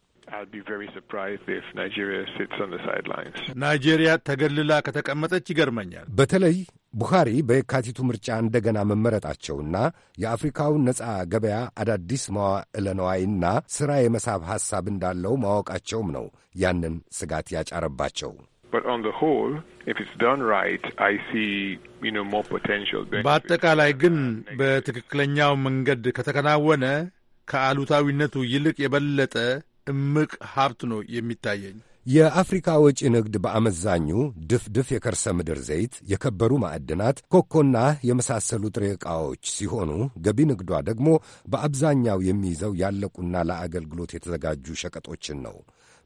ናይጄሪያ ተገልላ ከተቀመጠች ይገርመኛል። በተለይ ቡኻሪ በየካቲቱ ምርጫ እንደገና መመረጣቸውና የአፍሪካውን ነፃ ገበያ አዳዲስ መዋዕለ ነዋይና ሥራ የመሳብ ሐሳብ እንዳለው ማወቃቸውም ነው ያንን ስጋት ያጫረባቸው። በአጠቃላይ ግን በትክክለኛው መንገድ ከተከናወነ ከአሉታዊነቱ ይልቅ የበለጠ እምቅ ሀብት ነው የሚታየኝ። የአፍሪካ ወጪ ንግድ በአመዛኙ ድፍድፍ የከርሰ ምድር ዘይት፣ የከበሩ ማዕድናት፣ ኮኮና የመሳሰሉ ጥሬ ዕቃዎች ሲሆኑ ገቢ ንግዷ ደግሞ በአብዛኛው የሚይዘው ያለቁና ለአገልግሎት የተዘጋጁ ሸቀጦችን ነው።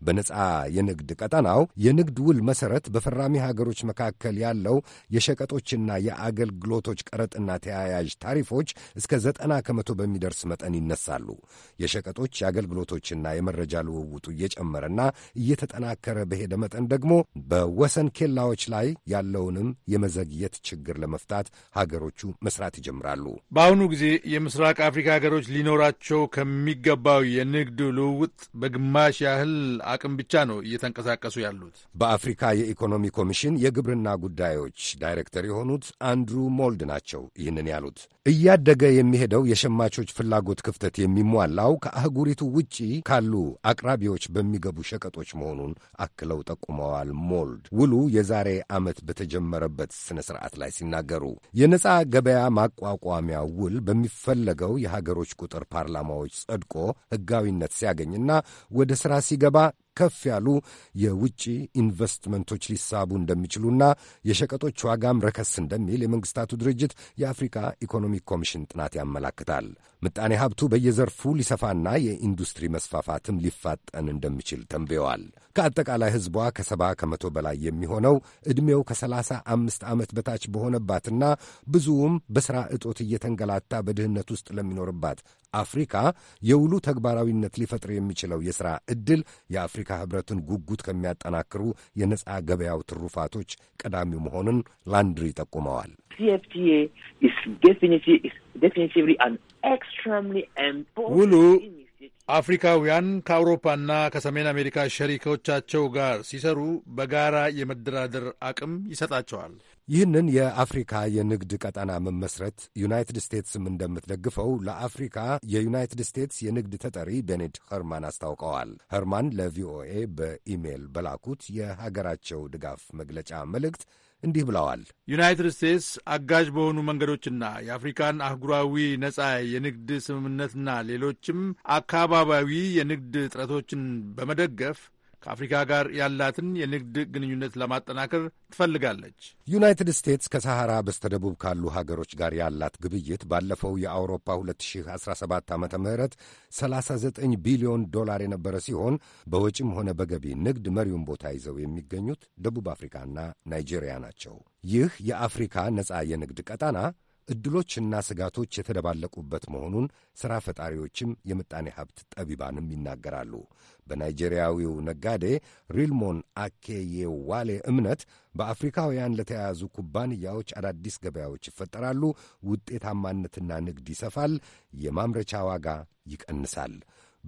በነፃ የንግድ ቀጠናው የንግድ ውል መሠረት በፈራሚ ሀገሮች መካከል ያለው የሸቀጦችና የአገልግሎቶች ቀረጥና ተያያዥ ታሪፎች እስከ ዘጠና ከመቶ በሚደርስ መጠን ይነሳሉ። የሸቀጦች የአገልግሎቶችና የመረጃ ልውውጡ እየጨመረና እየተጠና እየተጠናከረ በሄደ መጠን ደግሞ በወሰን ኬላዎች ላይ ያለውንም የመዘግየት ችግር ለመፍታት ሀገሮቹ መስራት ይጀምራሉ። በአሁኑ ጊዜ የምስራቅ አፍሪካ ሀገሮች ሊኖራቸው ከሚገባው የንግድ ልውውጥ በግማሽ ያህል አቅም ብቻ ነው እየተንቀሳቀሱ ያሉት። በአፍሪካ የኢኮኖሚ ኮሚሽን የግብርና ጉዳዮች ዳይሬክተር የሆኑት አንድሩ ሞልድ ናቸው ይህንን ያሉት። እያደገ የሚሄደው የሸማቾች ፍላጎት ክፍተት የሚሟላው ከአህጉሪቱ ውጪ ካሉ አቅራቢዎች በሚገቡ ሸቀጦች መሆኑን አክለው ጠቁመዋል። ሞልድ ውሉ የዛሬ ዓመት በተጀመረበት ሥነ ሥርዓት ላይ ሲናገሩ የነፃ ገበያ ማቋቋሚያ ውል በሚፈለገው የሀገሮች ቁጥር ፓርላማዎች ጸድቆ ሕጋዊነት ሲያገኝና ወደ ሥራ ሲገባ ከፍ ያሉ የውጭ ኢንቨስትመንቶች ሊሳቡ እንደሚችሉና የሸቀጦች ዋጋም ረከስ እንደሚል የመንግስታቱ ድርጅት የአፍሪካ ኢኮኖሚክ ኮሚሽን ጥናት ያመላክታል። ምጣኔ ሀብቱ በየዘርፉ ሊሰፋና የኢንዱስትሪ መስፋፋትም ሊፋጠን እንደሚችል ተንብየዋል። ከአጠቃላይ ሕዝቧ ከሰባ ከመቶ በላይ የሚሆነው ዕድሜው ከሰላሳ አምስት ዓመት በታች በሆነባትና ብዙውም በሥራ እጦት እየተንገላታ በድህነት ውስጥ ለሚኖርባት አፍሪካ የውሉ ተግባራዊነት ሊፈጥር የሚችለው የሥራ ዕድል የአፍሪካ ኅብረትን ጉጉት ከሚያጠናክሩ የነፃ ገበያው ትሩፋቶች ቀዳሚው መሆኑን ላንድሪ ጠቁመዋል። ውሉ አፍሪካውያን ከአውሮፓና ከሰሜን አሜሪካ ሸሪኮቻቸው ጋር ሲሰሩ በጋራ የመደራደር አቅም ይሰጣቸዋል። ይህንን የአፍሪካ የንግድ ቀጠና መመስረት ዩናይትድ ስቴትስም እንደምትደግፈው ለአፍሪካ የዩናይትድ ስቴትስ የንግድ ተጠሪ ቤኔድ ኸርማን አስታውቀዋል። ኸርማን ለቪኦኤ በኢሜል በላኩት የሀገራቸው ድጋፍ መግለጫ መልእክት እንዲህ ብለዋል። ዩናይትድ ስቴትስ አጋዥ በሆኑ መንገዶችና የአፍሪካን አህጉራዊ ነጻ የንግድ ስምምነትና ሌሎችም አካባቢያዊ የንግድ ጥረቶችን በመደገፍ ከአፍሪካ ጋር ያላትን የንግድ ግንኙነት ለማጠናከር ትፈልጋለች። ዩናይትድ ስቴትስ ከሰሐራ በስተደቡብ ካሉ ሀገሮች ጋር ያላት ግብይት ባለፈው የአውሮፓ 2017 ዓ ም 39 ቢሊዮን ዶላር የነበረ ሲሆን በወጪም ሆነ በገቢ ንግድ መሪውን ቦታ ይዘው የሚገኙት ደቡብ አፍሪካና ናይጄሪያ ናቸው። ይህ የአፍሪካ ነፃ የንግድ ቀጣና ዕድሎችና ስጋቶች የተደባለቁበት መሆኑን ሥራ ፈጣሪዎችም የምጣኔ ሀብት ጠቢባንም ይናገራሉ። በናይጄሪያዊው ነጋዴ ሪልሞን ዋሌ እምነት በአፍሪካውያን ለተያያዙ ኩባንያዎች አዳዲስ ገበያዎች ይፈጠራሉ፣ ውጤታማነትና ንግድ ይሰፋል፣ የማምረቻ ዋጋ ይቀንሳል።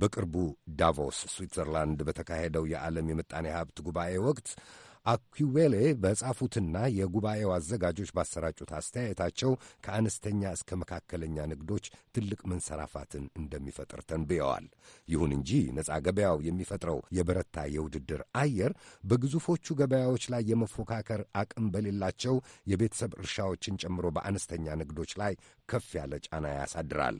በቅርቡ ዳቮስ ስዊትዘርላንድ በተካሄደው የዓለም የምጣኔ ሀብት ጉባኤ ወቅት አኩዌሌ በጻፉትና የጉባኤው አዘጋጆች ባሰራጩት አስተያየታቸው ከአነስተኛ እስከ መካከለኛ ንግዶች ትልቅ መንሰራፋትን እንደሚፈጥር ተንብየዋል። ይሁን እንጂ ነፃ ገበያው የሚፈጥረው የበረታ የውድድር አየር በግዙፎቹ ገበያዎች ላይ የመፎካከር አቅም በሌላቸው የቤተሰብ እርሻዎችን ጨምሮ በአነስተኛ ንግዶች ላይ ከፍ ያለ ጫና ያሳድራል።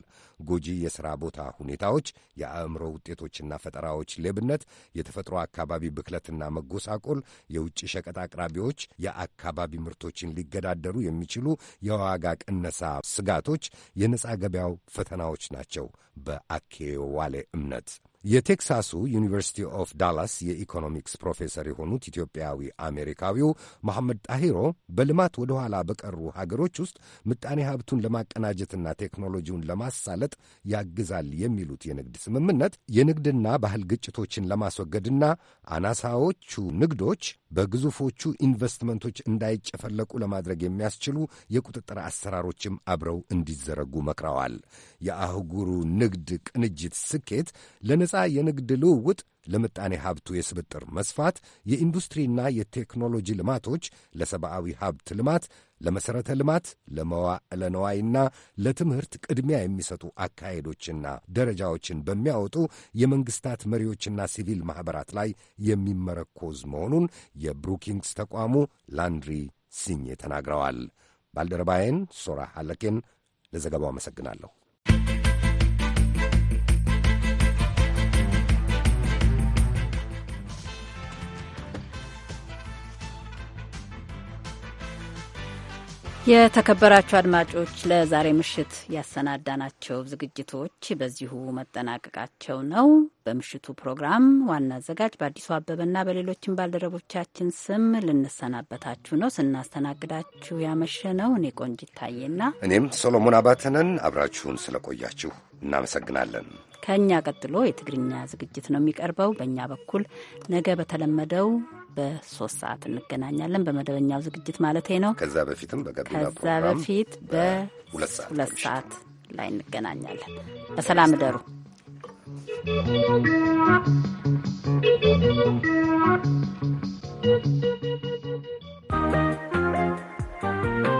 ጎጂ የሥራ ቦታ ሁኔታዎች፣ የአእምሮ ውጤቶችና ፈጠራዎች ሌብነት፣ የተፈጥሮ አካባቢ ብክለትና መጎሳቆል፣ የውጭ ሸቀጥ አቅራቢዎች የአካባቢ ምርቶችን ሊገዳደሩ የሚችሉ የዋጋ ቅነሳ ስጋቶች የነፃ ገበያው ፈተናዎች ናቸው በአኬዋሌ እምነት። የቴክሳሱ ዩኒቨርሲቲ ኦፍ ዳላስ የኢኮኖሚክስ ፕሮፌሰር የሆኑት ኢትዮጵያዊ አሜሪካዊው መሐመድ ጣሂሮ በልማት ወደ ኋላ በቀሩ ሀገሮች ውስጥ ምጣኔ ሀብቱን ለማቀናጀትና ቴክኖሎጂውን ለማሳለጥ ያግዛል የሚሉት የንግድ ስምምነት የንግድና ባህል ግጭቶችን ለማስወገድና አናሳዎቹ ንግዶች በግዙፎቹ ኢንቨስትመንቶች እንዳይጨፈለቁ ለማድረግ የሚያስችሉ የቁጥጥር አሰራሮችም አብረው እንዲዘረጉ መክረዋል። የአህጉሩ ንግድ ቅንጅት ስኬት ለነፃ የንግድ ልውውጥ፣ ለምጣኔ ሀብቱ የስብጥር መስፋት፣ የኢንዱስትሪና የቴክኖሎጂ ልማቶች፣ ለሰብአዊ ሀብት ልማት ለመሠረተ ልማት፣ ለመዋዕለ ነዋይና ለትምህርት ቅድሚያ የሚሰጡ አካሄዶችና ደረጃዎችን በሚያወጡ የመንግሥታት መሪዎችና ሲቪል ማኅበራት ላይ የሚመረኮዝ መሆኑን የብሩኪንግስ ተቋሙ ላንድሪ ሲኜ ተናግረዋል። ባልደረባዬን ሶራ ሐለኬን ለዘገባው አመሰግናለሁ። የተከበራችሁ አድማጮች ለዛሬ ምሽት ያሰናዳናቸው ዝግጅቶች በዚሁ መጠናቀቃቸው ነው። በምሽቱ ፕሮግራም ዋና አዘጋጅ በአዲሱ አበበና በሌሎችም ባልደረቦቻችን ስም ልንሰናበታችሁ ነው። ስናስተናግዳችሁ ያመሸ ነው እኔ ቆንጂት ታዬና እኔም ሶሎሞን አባተነን። አብራችሁን ስለቆያችሁ እናመሰግናለን። ከእኛ ቀጥሎ የትግርኛ ዝግጅት ነው የሚቀርበው። በእኛ በኩል ነገ በተለመደው በሶስት ሰዓት እንገናኛለን። በመደበኛው ዝግጅት ማለት ነው። ከዛ በፊትም ከዛ በፊት በሁለት ሰዓት ላይ እንገናኛለን። በሰላም እደሩ። Thank you.